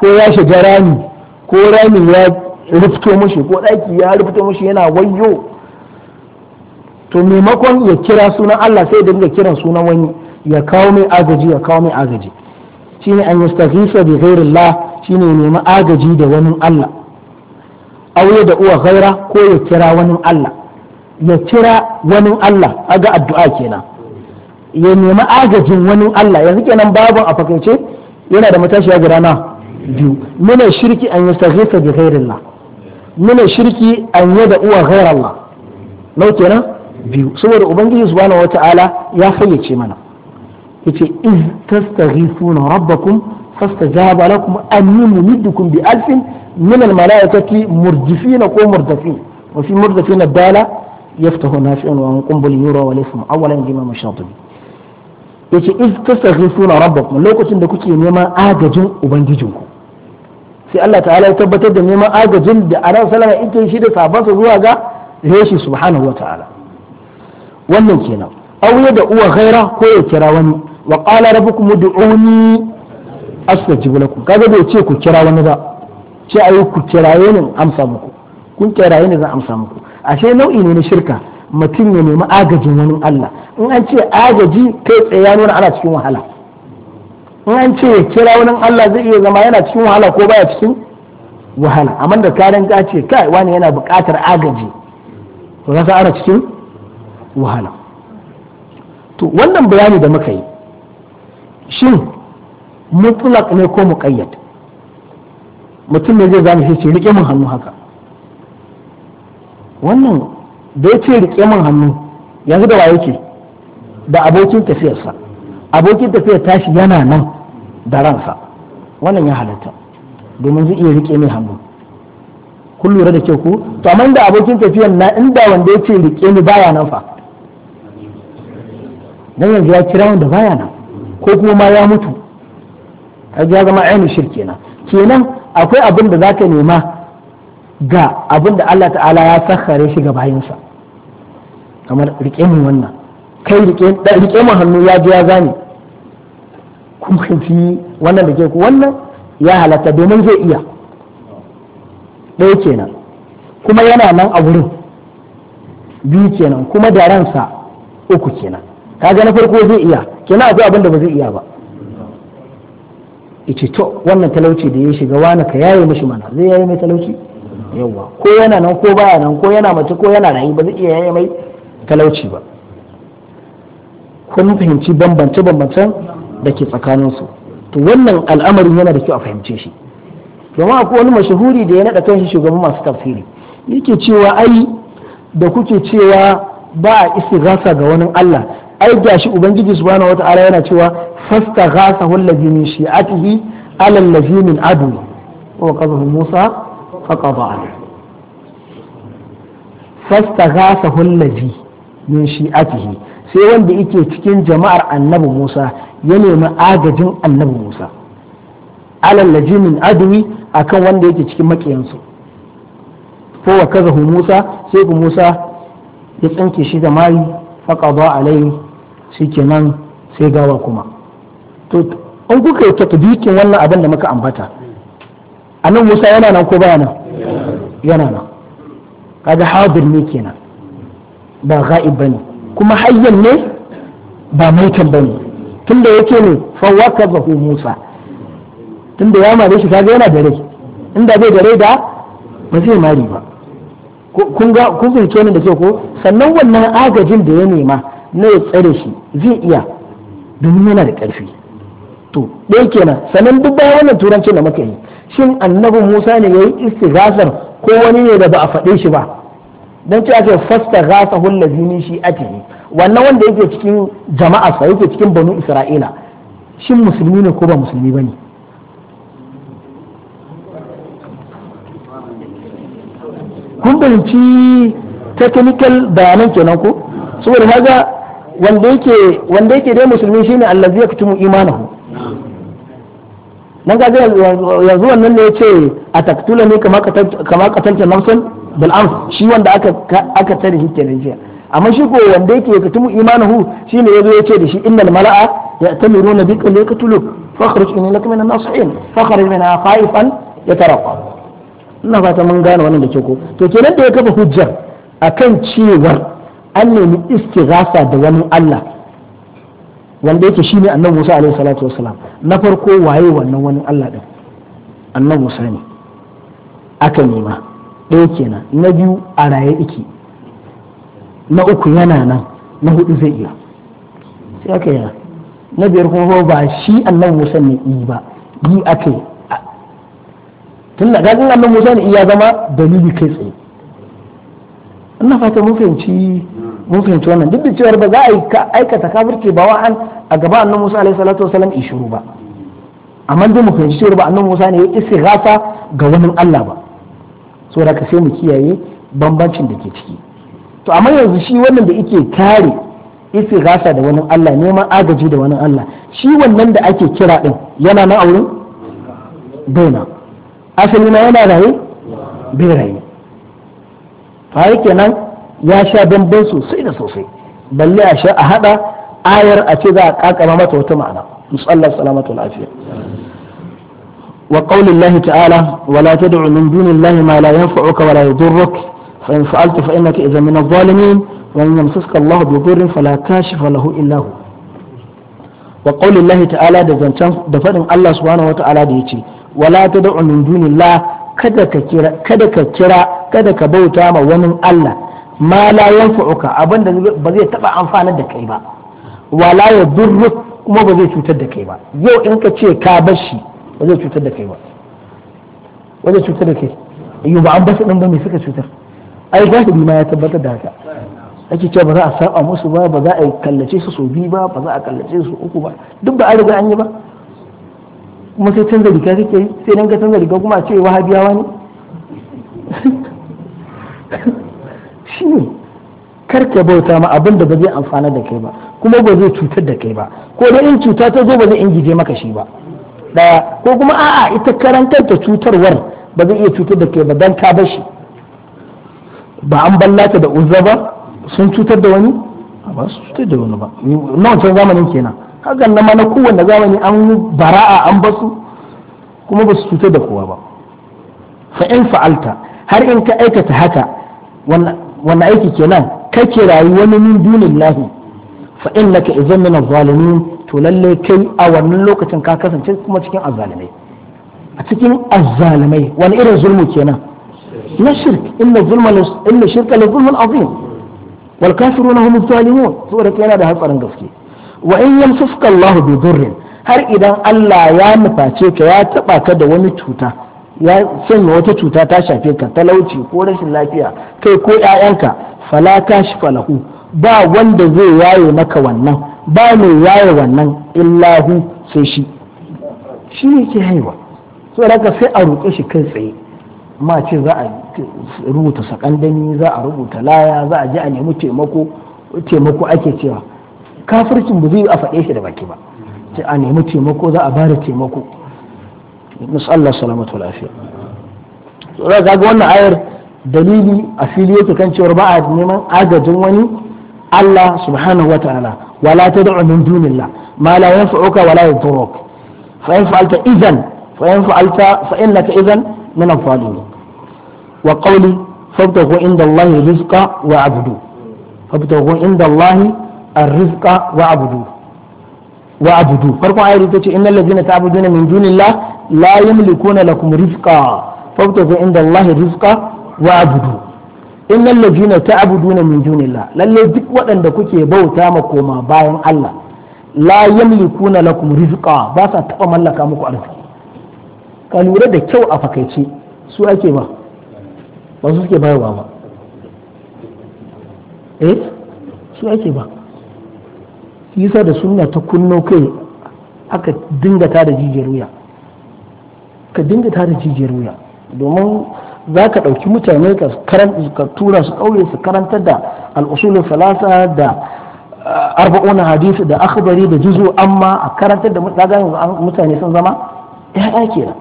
ko ya shiga rami ko rami ya rufto mashi ko ɗaki ya rufto mashi yana wayo to maimakon ya kira sunan Allah sai da dinga kiran sunan wani ya kawo mai agaji ya kawo mai agaji shine an yastaghisa bi ghairillah shine nemi agaji da wani Allah aure da uwa ghaira ko ya kira wani Allah ya kira wani Allah aga addu'a kenan ya nemi agajin wani Allah yanzu kenan babu a fakaice yana da matashiya guda na biyu mina shirki an yastaghitha bi ghairillah mina shirki an da uwa ghairallah nau kenan biyu saboda ubangiji subhanahu wataala ya fayyace mana yace iz tastaghithuna rabbakum فاستجاب لكم أني ممدكم بألف من الملائكة مردفين أو مردفين وفي مردفين الدالة يفتح نافع وأن قنبل يرى وليثم أولا الإمام الشاطبي yace iz rabba rabbakum lokacin da kuke neman agajin ubangijinku sai Allah ta'ala ya tabbatar da neman agajin da anan salama ita shi da sabansa zuwa ga reshi subhanahu wa ta'ala wannan kenan aw da uwa ghaira ko ya kira wani wa qala rabbukum ud'uni astajib lakum kaga bai ce ku kira wani ba ce ayi ku kiraye ni amsa muku kun kiraye ni zan amsa muku ashe nau'i ne na shirka mutum ya nemi agajin wani Allah in an ce agaji kai tsaye ya nuna ana cikin wahala in an ce kira wani Allah zai iya zama yana cikin wahala ko baya cikin wahala amma da karin ka ce kai wani yana buƙatar agaji to ka ana cikin wahala to wannan bayani da muka yi shin mutlaq ne ko muqayyad mutum ne zai zama shi rike mun hannu haka wannan da ya ce rike mun hannu yanzu da wa yake da abokin tafiyarsa abokin tafiyar tashi yana nan da ransa wannan ya halatta domin zai iya rike mai hannu kun lura da kyau ku to amma da abokin tafiyar na inda wanda ya ce rike ni baya nan fa dan yanzu ya kira wanda baya nan ko kuma ma ya mutu ya zama aini shirki na kenan akwai abin da zaka nema ga abin da Allah ta'ala ya sakhare shi ga bayinsa kamar rike min wannan kai rike mu hannu ya ji ya zani kuma fi wannan da ke ku wannan ya halatta domin zai iya ɗaya kenan kuma yana nan a wurin biyu kenan kuma da ransa uku kenan kaga na farko zai iya kenan akwai abin da ba zai iya ba ice to wannan talauci da ya shiga wani ka yaye mishi mana zai yaye mai talauci yawa ko yana nan ko baya nan ko yana mace ko yana rayu ba zai iya yaye mai talauci ba kun fahimci bambance bambance da ke tsakanin su to wannan al'amarin yana da kyau a fahimce shi domin akwai wani mashahuri da ya naɗa kan shi shugaban masu tafsiri yake cewa ai da kuke cewa ba a istighasa ga wani Allah ai shi ubangiji subhanahu wata'ala yana cewa fastaghasa wallazi min shi'atihi ala allazi min adu wa qadahu Musa fa qada fastaghasa wallazi min shi'atihi sai wanda yake cikin jama'ar annabi Musa ya nemi agajin annabi Musa alallaji min adwi akan wanda yake cikin makiyansu ko wa kazahu Musa sai ku Musa ya tsinke shi da mai faqada alai kenan sai gawa kuma to an kuka yi tatbikin wannan abin da muka ambata annabi Musa yana nan ko baya nan yana nan kaga hadir ne kenan ba ga'ib bane kuma hayyan ne ba maitan bane tunda yake ne fawaka bahu musa tunda ya mare shi kaga yana da rai inda bai da rai da ba zai mari ba kun ga kun fahimce da ke ko sannan wannan agajin da ya nema na ya tsare shi zai iya domin yana da ƙarfi to ɗaya kenan sannan duk bayan wannan turancin da muka yi shin annabi musa ne ya yi istighasar ko wani ne da ba a faɗe shi ba don ce ake fasta gasa hulla zini shi yi. wannan wanda yake cikin jama'a sa yake cikin banu isra'ila shin musulmi ne ko ba musulmi ba ne kun fahimci technical bayanan kenan ko saboda kaga wanda yake dai musulmi ne allazi yaktumu imanahu nan kaga yanzu wannan ne yace a taktula ne kama kama katanta nafsan bil shi wanda aka aka tare shi kenan jiya amma shi ko wanda yake ya katumu imanahu shine yazo yace da shi innal mala'a ya'tamiruna bika liyaqtuluk fakhruj innaka minan nasihin fakhruj minha khaifan yataraqqa ina fata mun gane wannan da ke ko to kenan da ya kafa hujjar akan cewar an nemi istighasa da wani Allah wanda yake ne annan Musa alaihi salatu salam na farko waye wannan wani Allah din annan Musa ne aka nema ɗaya kenan na biyu a raye iki na uku yana nan na hudu zai iya sai aka yana na biyar kuma ba shi annan Musa ne yi ba yi aka yi tun da gagin annabi Musa ne iya zama dalili kai tsaye ina fata mun fahimci mun fahimci wannan duk da cewar ba za a aikata kafirci ba wa'an a gaba annabi Musa alaihi salatu wasallam ishuru ba amma dai mu fahimci cewar ba annabi Musa ne ya istighafa ga wani Allah ba so da ka sai mu kiyaye bambancin da ke ciki to amma yanzu shi wannan da yake kare istighafa da wani Allah neman agaji da wani Allah shi wannan da ake kira din yana na aure baina asali na yana raye bai raye fa nan. ya sha bamban sosai da sosai balle a sha a hada ayar a ce za a kakama mata wata ma'ana musallar salamatu lafiya wa qaulin lahi ta'ala wala tad'u min dunillahi ma la yanfa'uka wala yadurruk fa in fa'alta fa innaka idhan min adh-dhalimin wa in yamsaska Allahu bi dhurrin fala kashifa lahu illa hu wa qaulin lahi ta'ala da zancan da fadin Allah subhanahu wa ta'ala da yace wala tad'u min dunillahi kada ka kira kada ka kira kada ka bauta ma wani Allah ma la yanfa'uka abin da ba zai taba amfanar da kai ba wala ya durruk kuma ba zai cutar da kai ba yau in ka ce ka bar shi ba zai cutar da kai ba ba zai cutar da kai yau ba an basu din ba mai suka cutar ai zahiri ma ya tabbatar da haka ake cewa ba za a saba musu ba ba za a kallace su sau biyu ba ba za a kallace su uku ba duk ba a riga an yi ba kuma sai canza riga kake sai nan ga canza riga kuma a ce wahabiyawa ne shi ne karka bauta ma abin da ba zai amfana da kai ba kuma ba zai cutar da kai ba ko da in cuta ta zo ba zai ingije maka shi ba daya ko kuma a'a ita karantar ta cutarwar ba zai iya cutar da kai ba dan ka bashi ba an ballata da uzza ba sun cutar da wani ba su cutar da wani ba na wancan zamanin kenan hakan na mana kowanne zamani an bara'a an basu kuma ba su cutar da kowa ba fa in fa'alta har in ka aikata haka wannan wani aiki kenan kake rayu wani min dunin lahi fa innaka idan min zalimin to lalle kai a wannan lokacin ka kasance kuma cikin azalimai. a cikin azalimai wani irin zulmu kenan na shirk inna zulma inna shirka la zulmun azim wal kafiruna hum zalimun saboda yana da hatsarin gaske wa in yamsaka Allah bi dhurrin har idan Allah ya nuface ka ya taba ka da wani cuta ya sanya wata cuta ta shafe ka talauci ko rashin lafiya kai ko ƴaƴanka fala shi falahu ba wanda zai yaye maka wannan ba mai yaye wannan illahu sai shi shi ne ke haihuwa. so daga sai a roƙe shi kai tsaye ma ce za a rubuta sakandani za a rubuta laya za a ji a nemi taimako taimako ake cewa kafircin ba zai a faɗe shi da baki ba ce a nemi taimako za a bada taimako nasu Allah salamatu wa lafiya za ga wannan ayar dalili a fili yake kan cewar ba a neman agajin wani Allah subhanahu wa wala ta tad'u min dunillah ma la yanfa'uka wala yadurruk fa in fa'alta fa in fa'alta fa innaka idhan min al wa qawli fabtaghu inda Allah rizqa wa abdu inda Allah ar-rizqa wa abdu wa abudu farkon ayar ita ce innal ladzina ta'buduna min dunillah la yamlikuna lakum rizqa fabtagu inda Allah rizqa wa abudu innal ladzina ta'buduna min dunillah lalle duk waɗanda kuke bauta ma koma bayan Allah la yamlikuna lakum rizqa ba sa taba mallaka muku arziki ka lura da kyau a fakaice su ake ba ba su suke bayarwa ba eh su ake ba kisa da sunna ta kunno kai aka dinga ta da jijiyar wuya ka dinga ta da jijiyar wuya domin za ka ɗauki mutane ka tura su ƙauye su karantar da al'usulun salasa da ah, arba'una hadisi da akhbari da juzu amma a karantar da mutane sun zama ke da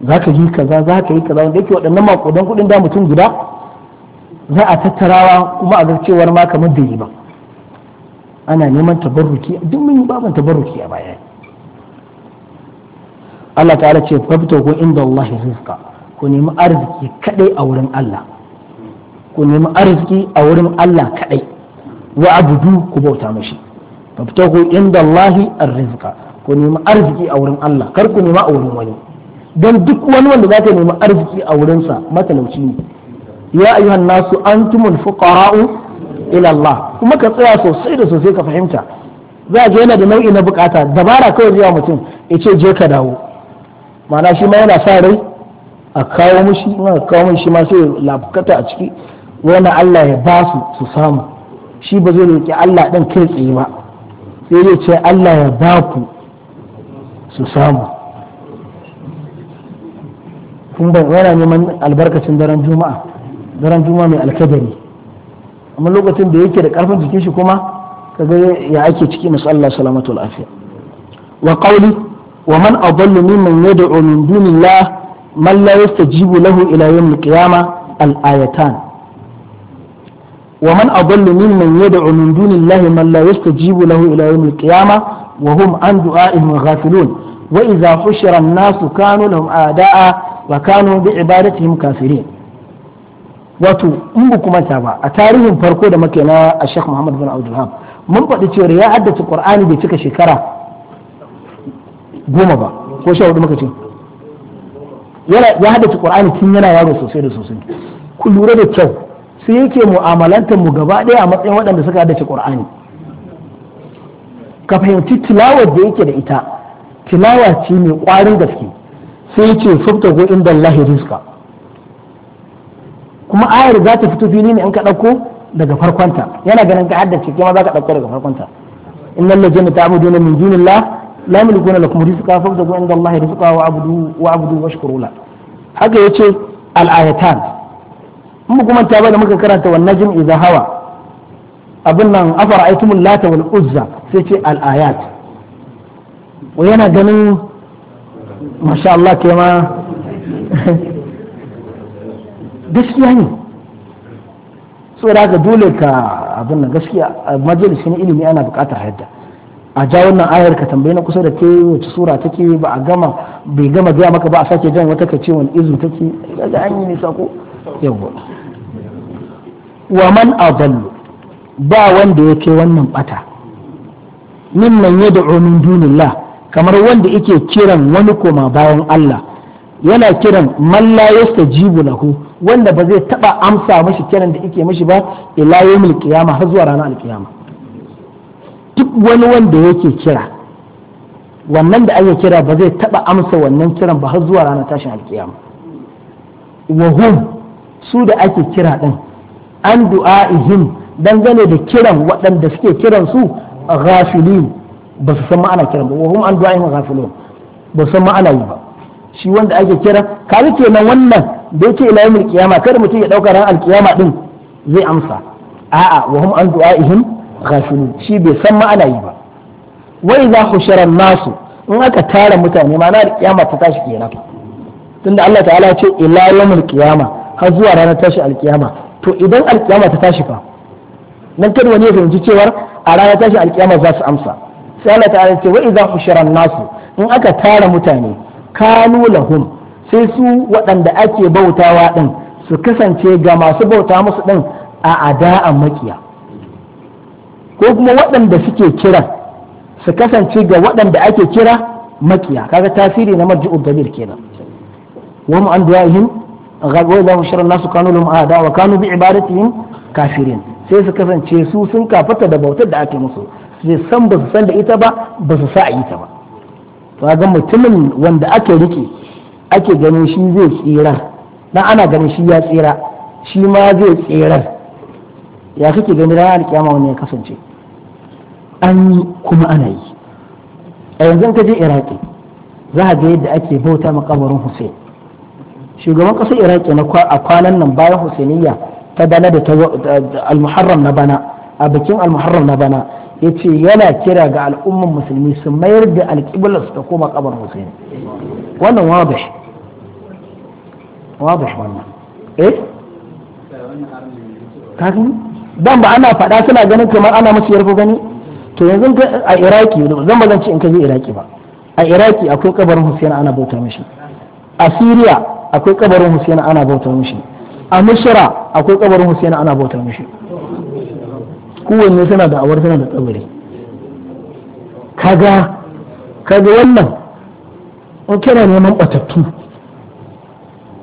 za ka yi kaza za ka yi kaza wanda yake waɗannan makudan kuɗin da mutum guda za a tattarawa kuma a ga cewar ma kamar da yi ba ana neman tabarruki duk mun baban tabarruki a baya Allah ta'ala ce fabta ko inda Allah rizqa ku nemi arziki kadai a wurin Allah ku nemi arziki a wurin Allah kadai wa abudu ku bauta mashi fabta inda Allah rizqa ku nemi arziki a wurin Allah kar ku nema a wurin wani dan duk wani wanda zaka nemi arziki a wurin wurinsa matalauci ne ya ayyuhan nasu antumul fuqara'u ilallah kuma ka tsaya sosai da sosai ka fahimta za a yana da nau'i na bukata dabara kawai zuwa mutum ya ce je ka dawo ma'ana shi ma yana sa rai a kawo mushi ma a kawo mushi ma sai lafukata a ciki wani Allah ya ba su su samu shi ba zai roƙi Allah ɗin kai tsaye ba sai zai ce Allah ya ba ku su samu kun ban yana neman albarkacin daren juma'a daren juma'a mai alkadari amma lokacin da yake da karfin jikin shi kuma kaga ya ake ciki masu Allah salamatu lafiya wa qawli wa man adallu mimman yad'u min dunillah man la yastajibu lahu ila yawm al-qiyamah al-ayatan wa man adallu mimman yad'u min dunillahi man la yastajibu lahu ila yawm al-qiyamah wa hum an du'a'ihim ghafilun wa idha hushira an-nasu kanu lahum a'da'a wa kanu bi kafirin wato in ba kuma ta ba a tarihin farko da muke na a Sheikh Muhammad bin Abdulhab mun faɗi cewa ya haddace Qur'ani bai cika shekara goma ba ko sha hudu muka ce ya haddace Qur'ani tun yana yaro sosai da sosai ku lura da kyau sai yake mu'amalanta mu gaba ɗaya a matsayin waɗanda suka haddace Qur'ani ka fahimci tilawar da yake da ita tilawa ce mai ƙwarin gaske sai ce fufta go inda Allah ya rizqa kuma ayar za ta fito fili ne in ka ɗauko daga farkonta yana ganin ka haddace ma za ka ɗauko daga farkonta innal lajina ta'buduna min dunillah la yamlikuna lakum rizqa fabtagu inda Allah ya rizqa wa abudu wa abudu washkuru la haka ya ce al in mu kuma ta bada muka karanta wannan najm idza hawa abin nan afara aitumul lata wal uzza sai ce al wa yana ganin masha Allah kai ma gaskiya ne so da ka dole ka abin nan gaskiya a majalisi ilimi ana bukatar yadda a ja wannan ayar ka tambayi na kusa da ke wace sura take ba a gama bai gama gaya maka ba a sake jan wata ka ce wani izu take daga an yi ne sako yawa wa man adallu ba wanda yake wannan bata min mimman da min dunillah kamar wanda yake kiran wani koma bayan Allah yana kiran man la yastajibu lahu wanda ba zai taba amsa mashi kiran da yake mashi ba ila yawmil qiyama har zuwa ranar alqiyama duk wani wanda yake kira wannan da ake kira ba zai taba amsa wannan kiran ba har zuwa ranar tashin alqiyama wa hum su da ake kira din an du'a'ihim dangane da kiran waɗanda suke kiran su ghafilin ba su san ma'ana kiran ba wa hum an du'a'ihim ghafilun ba su san ma'ana yi ba shi wanda ake kira kaga kenan wannan Bai yake ila yawmil qiyama kar mutum ya dauka ran alqiyama din zai amsa a'a wa hum an du'aihim ghafilun shi bai san ma'ana yi ba wa idza hushira nasu in aka tara mutane ma'ana alqiyama ta tashi kenan tunda Allah ta'ala ya ce ila yawmil qiyama har zuwa ranar tashi alqiyama to idan alqiyama ta tashi fa nan kada wani ya fahimci cewar a ranar tashi alqiyama za su amsa sai Allah ta'ala ya ce wa idza hushira nasu in aka tara mutane kanu lahum sai su waɗanda ake bautawa ɗin su kasance ga masu bauta musu ɗin a ada'an maƙiya. ko kuma waɗanda suke kira su kasance ga waɗanda ake kira makiya kaga tasiri na marji'ud dalil kenan wa mu an duwahim غابوا لهم شر الناس كانوا لهم أعداء وكانوا بعبادتهم kafirin. sai su kasance su sun kafata da bautar da ake musu sai san ba su san da ita ba ba su sa a yi ta ba to ga mutumin wanda ake rike ake ganin shi zai tsira dan ana ganin shi ya tsira shi ma zai tsira ya kake gani ranar alkiyama wani ya kasance an yi kuma ana yi a yanzu ka je iraki za a ga yadda ake bauta makabarin hussein shugaban kasar iraki na a kwanan nan bayan husseiniya ta bana da almuharram na bana a bikin almuharram na bana ya ce yana kira ga al'umman musulmi su mayar da alƙiblar su ta koma kabar husaini wannan wabash wabash wannan eh kafin dan ba ana faɗa suna ganin kamar ana musu yarfa gani to yanzu a iraki zan ba zan ce in ka je iraki ba a iraki akwai kabarin husaina ana bauta mishi a syria akwai kabarin husaina ana bauta mishi a mishira akwai kabarin husaina ana bauta mishi kowanne suna da awar suna da kabari kaga kaga wannan in kira neman batattu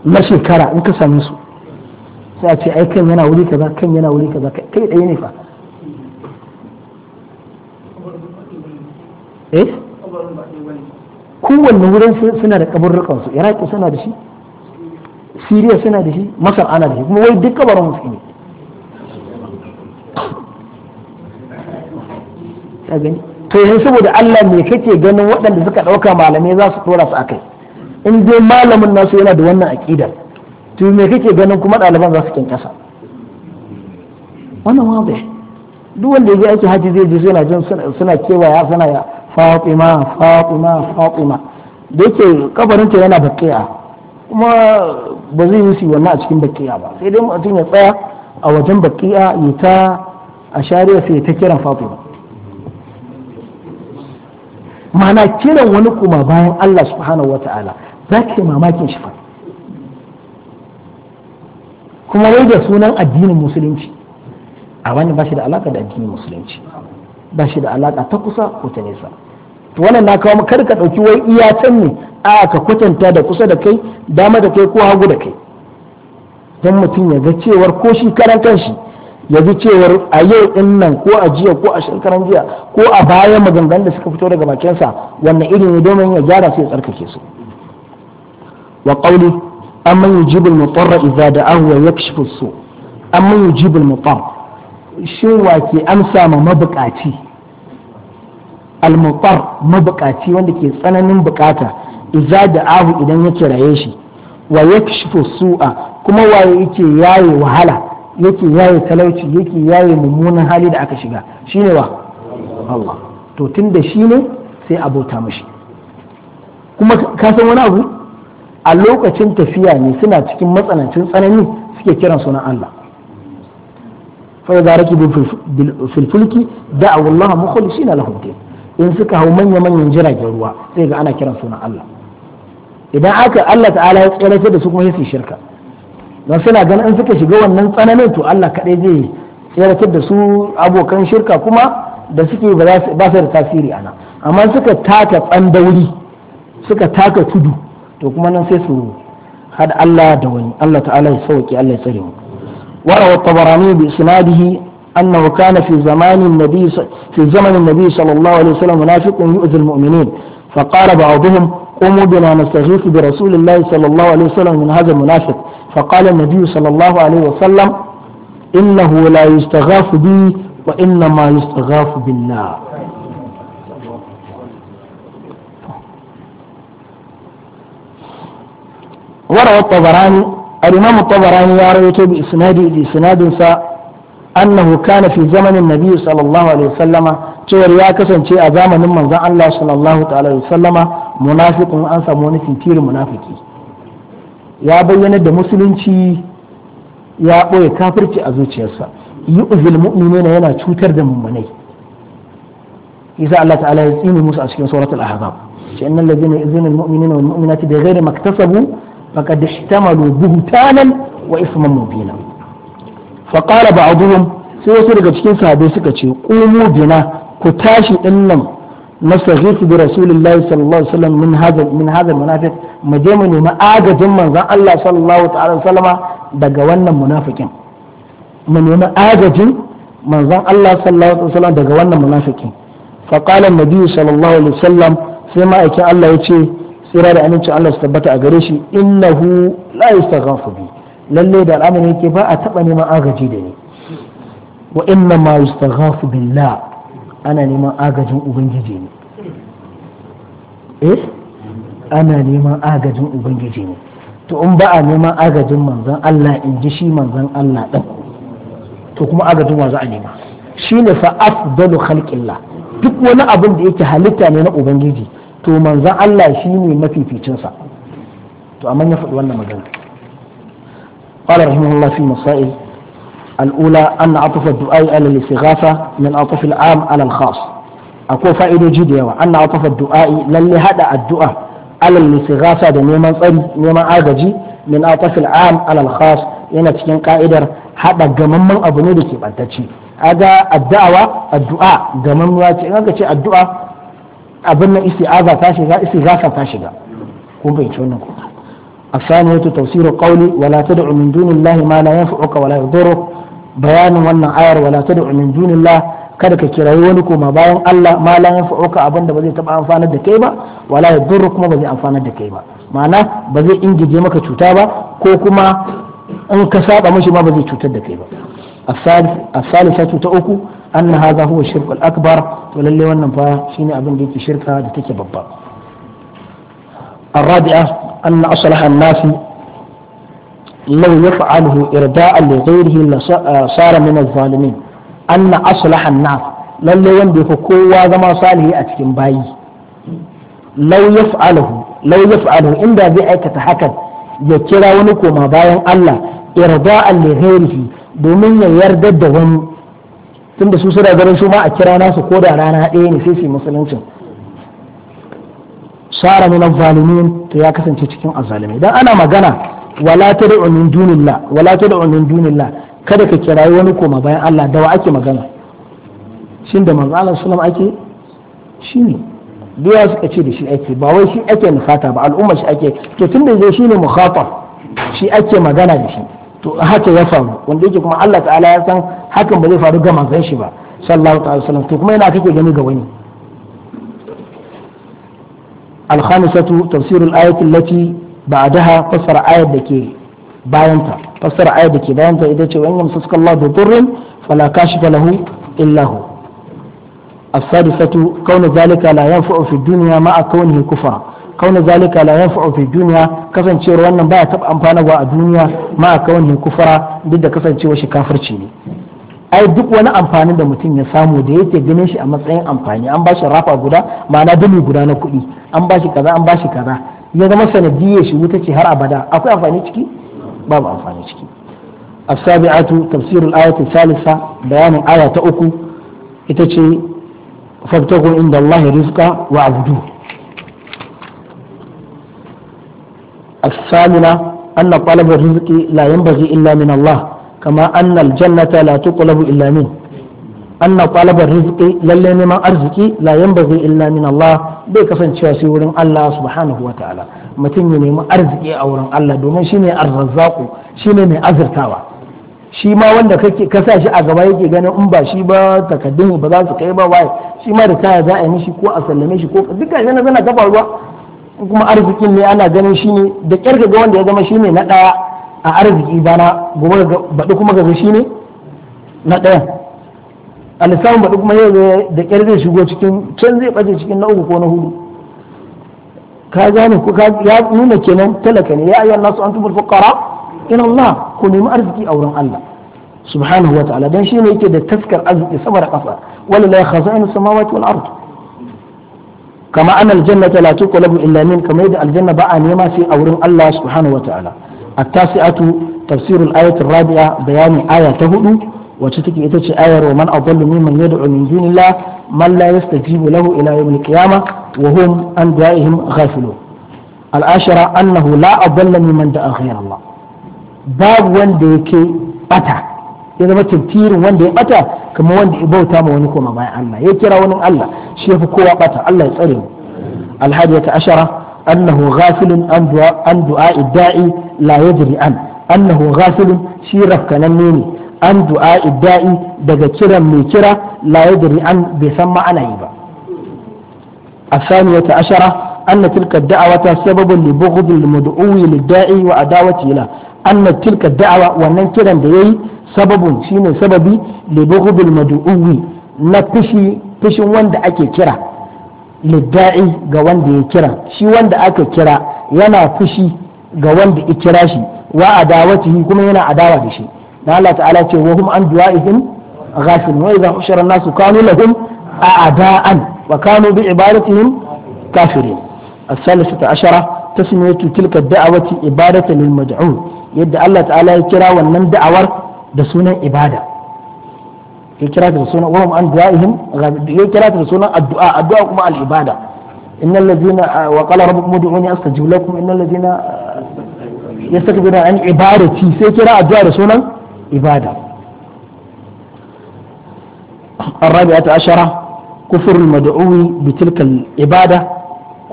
na shekara in ka same su sai a ce ai kan yana wuri kaza kan yana wuri kaza kai ɗaya ne fa eh kowanne wurin suna da kaburrukan su iraki suna da shi siriya suna da shi masar ana da shi kuma wai duk kabarin musu ne ta gani to yanzu saboda Allah me kake ganin waɗanda suka ɗauka malamai za su tura su akai in dai malamin nasu yana da wannan aƙidar to me kake ganin kuma ɗaliban za su kyankasa wannan wabe duk wanda ya je aiki haji zai ji suna jin suna kewaya suna ya fatima fatima fatima da yake kabarinta yana bakiya kuma ba zai yi su wannan a cikin bakiya ba sai dai mutum ya tsaya a wajen bakiya ya ta a shari'a sai ta kiran fatima mana kiran wani kuma bayan Allah subhanahu wa ta'ala za ka mamakin shi fa kuma wai da sunan addinin musulunci a wani ba shi da alaka da addinin musulunci ba shi da alaka ta kusa ko ta nesa to wannan na kawo kar ka dauki wai iya can ne a ka kwatanta da kusa da kai dama da kai ko hagu da kai don mutum ya ga cewar ko shi karan shi. ya ji cewar a yau din nan ko a jiya ko a shekaran jiya ko a bayan maganganun da suka fito daga bakinsa wannan irin ne domin ya gyara sai ya tsarkake su wa qawli amman yujibu al-mutarra idza da'ahu wa yakshifu su amman yujibu al-mutarr shin wa ke amsa ma mabukaci al-mutarr mabukaci wanda ke tsananin bukata idza da'ahu idan ya kiraye shi wa yakshifu su'a kuma waye yake yaye wahala yake yaye talauci yake yaye mummunan hali da aka shiga shine wa Allah to da shi ne sai abota mashi kuma ka san wani abu a lokacin tafiya ne suna cikin matsanancin tsanani suke kiran sunan Allah fa da raki bil fulki da'u Allah mukhlishina na din in suka hau manya manyan jiragen ruwa sai ga ana kiran sunan Allah idan aka Allah ta'ala ya tsere da su kuma shirka don suna ganin in suka shiga wannan tsananin to Allah kaɗai zai tseratar da su abokan shirka kuma da suke ba su da tasiri ana amma suka taka tsandauri suka taka tudu to kuma nan sai su had Allah da wani Allah ta'ala ya sauke Allah ya tsare mu warawa tabarani bi isnadihi أنه كان fi zamanin النبي في زمن النبي صلى الله عليه وسلم منافق يؤذي المؤمنين فقال بعضهم قوموا بنا نستغيث برسول الله صلى الله عليه وسلم من فقال النبي صلى الله عليه وسلم إنه لا يستغاث بي وإنما يستغاث بالله وروى الطبراني الإمام الطبراني يروي بإسناد بإسناد أنه كان في زمن النبي صلى الله عليه وسلم cewar ya kasance a zamanin manzon Allah sallallahu ta'ala alaihi wasallama munafiqun an samu wani tintirin munafiki ya bayyana da musulunci ya ɓoye kafirci a zuciyarsa yu'zil mu'minina yana cutar da mummunai yasa Allah ta'ala ya tsini musu a cikin suratul ahzab shi innal ladina yuzina almu'minina wal mu'minati bighairi maktasabu faqad ihtamalu buhtanan wa isman mubina fa qala ba'dhum sai wasu daga cikin sahabbai suka ce qumu bina ku tashi dinnan نستغيث برسول الله صلى الله عليه وسلم من هذا من هذا المنافق mu nemi agajin manzon Allah sallallahu ta'ala sallama daga wannan munafikin mu nemi agajin manzon Allah sallallahu ta'ala sallama daga wannan munafikin fa qala an sallallahu alaihi wasallam sai ma'aikin Allah ya ce tsira da amincin Allah su tabbata a gare shi innahu la yastaghafu bi lalle da al'amari yake ba a taba neman agaji da ni wa inna ma yastaghafu billah ana neman agajin ubangiji ne eh ana neman agajin ubangiji ne to in ba a neman agajin manzon Allah in ji shi manzon Allah ɗin to kuma agajin wa za a nema shi ne fa afdalu khalqillah duk wani abin da yake halitta ne na ubangiji to manzon Allah shi ne mafificinsa to amma ya faɗi wannan magana قال رحمه الله في مسائل الأولى أن عطف الدعاء على الاستغاثة من عطف العام على الخاص أكو فائدة جديدة أن عطف الدعاء للي هذا الدعاء على الاستغاثة ده نيمان تصري نيمان من عطف العام على الخاص yana cikin ka'idar haɗa gamamman abu da ke ɓantacce aga addawa addu'a gamammuwa ce in aka ce addu'a abin nan isti'aza ta shiga istighasa ta shiga ko bai ci wannan ko asaniyatu tafsiru qawli wala tad'u min bayanin wannan ayar wala tad'u min dunillah kada ka kirayi wani koma bayan Allah ma la yanfa'uka abinda ba zai taba amfanar da kai ba wala yadurru kuma ba zai amfanar da kai ba ma'ana ba zai ingije maka cuta ba ko kuma in ka saba mishi ma ba zai cutar da kai ba A salisatu ta uku anna hadha huwa shirku akbar to lalle wannan fa shine abin da yake shirka da take babba الرابعة أن أصلح الناس لو يفعله إرضاء لغيره صار من الظالمين أن أصلح الناس lalle wanda ya fi kowa zama salihi a cikin bayi lau yaf'aluhu lau yaf'aluhu inda zai aikata haka ya kira wani koma bayan Allah irda'an li ghairihi domin ya yarda da wani tunda su suna ganin su ma a kira nasu ko da rana ɗaya ne sai su musuluncin sara min zalimin ya kasance cikin azzalimai dan ana magana wala ta tad'u min dunillah wala tad'u min dunillah kada ka kirayi wani koma bayan Allah da wa ake magana shin da manzo Allah sallallahu ake ne biya suka ce da shi ake ba wai shi ake nufata ba al'umma shi ake to tunda zai shine mukhatab shi ake magana da shi to haka ya faru wanda yake kuma Allah ta'ala ya san hakan ba zai faru ga manzon shi ba sallallahu ta'ala wasallam to kuma yana kake gani ga wani الخامسة تفسير الآية التي ba'daha fasara ayat da ke bayanta fasara ayat da ke bayanta ita ce wani yamsasuka Allah da durrin fala kashifa lahu illa hu السادسة كون ذلك لا ينفع في الدنيا مع كونه كفرا كون ذلك لا ينفع في الدنيا كسن شير وانا باية تبقى امفانا الدنيا مع كونه كفرا ضد كسن شير وشي كافر شيني ai duk wani amfani da mutum ya samu da yake ganin shi a matsayin amfani an bashi rafa guda ma'ana dumi guda na kuɗi an bashi kaza an bashi kaza ya zama sanadiyar shi wuta ce har abada akwai amfani ciki babu amfani ciki as tafsirul ayati salisa bayanin aya ta uku ita ce fabtagu inda Allah rizqa wa abdu asalina samina anna talab ar-rizqi la yanbaghi illa min Allah kama anna al la illa min. anna talabar rizqi lallai neman arziki la zai illa min Allah bai kasancewa sai wurin Allah subhanahu wa ta'ala mutum ya nema arziki a wurin Allah domin shine arzazzaqu shine mai azurtawa shi ma wanda kake ka shi a gaba yake gani in ba shi ba takaddun ba za su kai ba waye shi ma da za a yi mishi ko a sallame shi ko duka yana zana gaba kuma arzikin ne ana ganin shine da kyar ga wanda ya zama shine na daya a arziki bana gobe baɗi kuma ga shine na ɗayan a lissafin baɗi kuma yau da ƙyar zai shigo cikin can zai ɓace cikin na uku ko na hudu ka gane ko ya nuna kenan talaka ne ya ayyana su an tumul fuqara ila Allah ku nemi arziki a wurin Allah subhanahu wa ta'ala dan shine yake da taskar arziki sama da ƙasa walillahi khaza'inu samawati wal ard kama an aljanna la tuqlabu illa min kama yadda aljanna ba a nema sai a wurin Allah subhanahu wa ta'ala at-tasi'atu tafsirul ayati rabi'a bayani aya ta hudu wacce take ita ce ayar wa man adallu mimman yad'u min dunillah man la yastajibu lahu ila yawm al-qiyamah wa hum an du'aihim ghafilun al-ashara annahu la adalla mimman da'a ghayra Allah babu wanda yake bata ya zama tintirin wanda ya bata kamar wanda ya bauta ma wani koma bayan Allah ya kira wani Allah shi yafi kowa bata Allah ya tsare mu al-hadiyata ashara annahu ghafilun an du'a an du'a da'i la yajri an annahu ghafilun shi rafkananne ne an du'a idda'i daga kiran mai kira la yadri an bai san ma'ana yi ba asaniyata ashara anna tilka da'awa ta sababu li bughd al mad'u lidda'i wa adawati ila anna tilka da'awa wannan kiran da yayi sababun shine sababi li bughd al mad'u na fishi fishin wanda ake kira lidda'i ga wanda ya kira shi wanda aka kira yana fushi ga wanda ya kira shi wa adawati kuma yana adawa da shi da Allah ta'ala ce wa hum an du'a'ihim ghafilun wa idza ushira an-nasu kanu lahum a'da'an wa kanu bi ibadatihim kafirin as-salisata ashara tasmiyatu tilka da'awati ibadatan lil mad'un yadda Allah ta'ala ya kira wannan da'awar da sunan ibada ya kira ta da sunan wa hum an du'a'ihim ya kira ta da sunan addu'a addu'a kuma al-ibada innal ladina wa qala rabbukum ud'uni astajib lakum innal ladina yastakbiruna an ibadati sai kira addu'a da sunan ibada الرابعة عشرة كفر المدعوي بتلك العبادة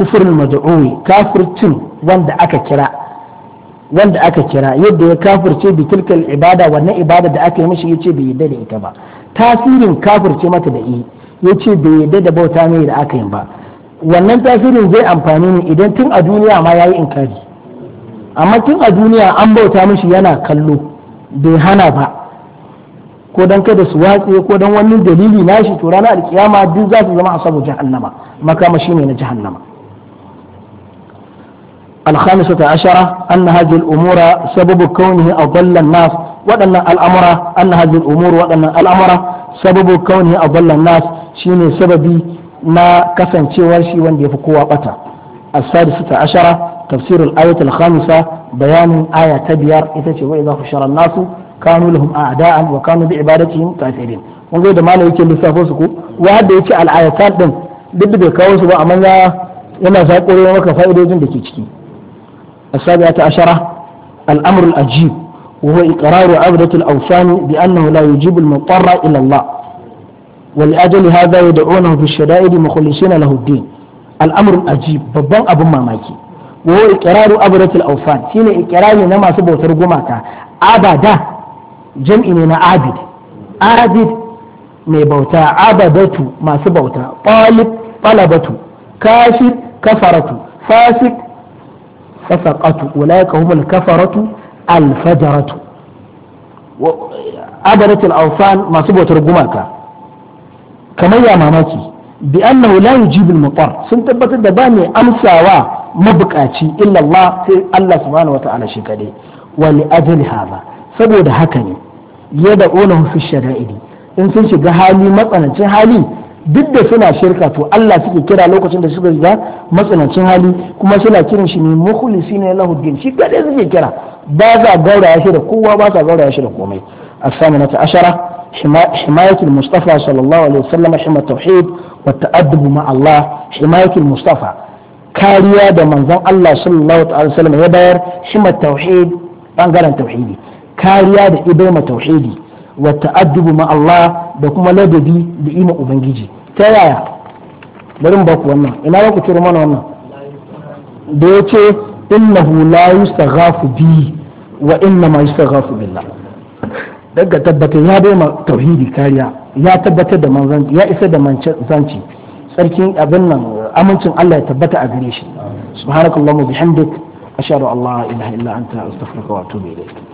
كفر المدعوي كافر تن وند أكا كرا وند أكا كرا يد كافر تي بتلك العبادة وانا عبادة دا أكا مشي يتي بيدا دا تاثير كافر تي ما تدعي يتي بيدا دا بو تامي دا أكا ينبا wannan tasirin zai amfani ne idan tun a duniya ma ya yi inkari amma tun a duniya an bauta mishi yana kallo bai hana ba ko dan kada su watse ko dan wani dalili nashi to ranar alkiyama duk za su zama asabu jahannama makamashi ne na jahannama الخامسة عشرة أن هذه الأمور سبب كونه أضل الناس وأن الأمر أن هذه الأمور وأن الأمر سبب كونه أضل الناس شيني سببي ما كفن شوار شي وان يفقوا قتا السادسة عشرة tafsirul ayatul khamisa bayanin aya ta biyar ita ce wa idza hushara nasu kanu lahum a'da'an wa kanu bi ibadatihim kafirin kun ga da malai yake lissafo su ko wa da yake al ayatan duk da kawo su ba amma yana zakoro maka fa'idojin da ke ciki السابعة عشرة الأمر الأجيب وهو إقرار عبدة الأوثان بأنه لا يجيب المضطر إلى الله ولأجل هذا يدعونه في الشدائد مخلصين له الدين الأمر الأجيب ببان أبو ماماكي wa huwa iqraru abdatul awsan shine iqrari na masu bautar gumaka abada jam'i ne na abid abid mai bauta abadatu masu bauta qalib qalabatu kafir kafaratu fasik fasaqatu ulaika humul kafaratu alfajaratu abadatul awsan masu bautar gumaka kamar ya mamaki bi annahu la sun tabbatar da ba mai amsawa mabukaci illallah sai Allah subhanahu wata'ala shi kadai wa li ajli hadha saboda haka ne ya da ona fi shara'idi in sun shiga hali matsanancin hali duk da suna shirka to Allah suke kira lokacin da suka shiga matsanancin hali kuma suna kiran shi ne mukhlisina lahu din shi kadai suke kira ba za gauraya shi da kowa ba za gauraya shi da komai as-samanata ashara حماية المصطفى صلى الله عليه وسلم حمى التوحيد والتأدب مع الله حماية المصطفى kariya da manzon Allah sallallahu alaihi wasallam ya bayar shi ma tauhid bangaren tauhidi kariya da ma tauhidi wa ta'addubu ma Allah da kuma ladabi da ima ubangiji ta yaya bari mu baku wannan ina za ku ciro mana wannan da yace innahu la yustaghafu bi wa inna ma yustaghafu billah daga tabbata ya bai ma tauhidi kariya ya tabbatar da manzanci ya isa da manzanci sarkin abin nan amincin Allah ya tabbata a gare shi subhanakallahumma bihamdik ashhadu an la ilaha illa anta astaghfiruka wa atubu ilayk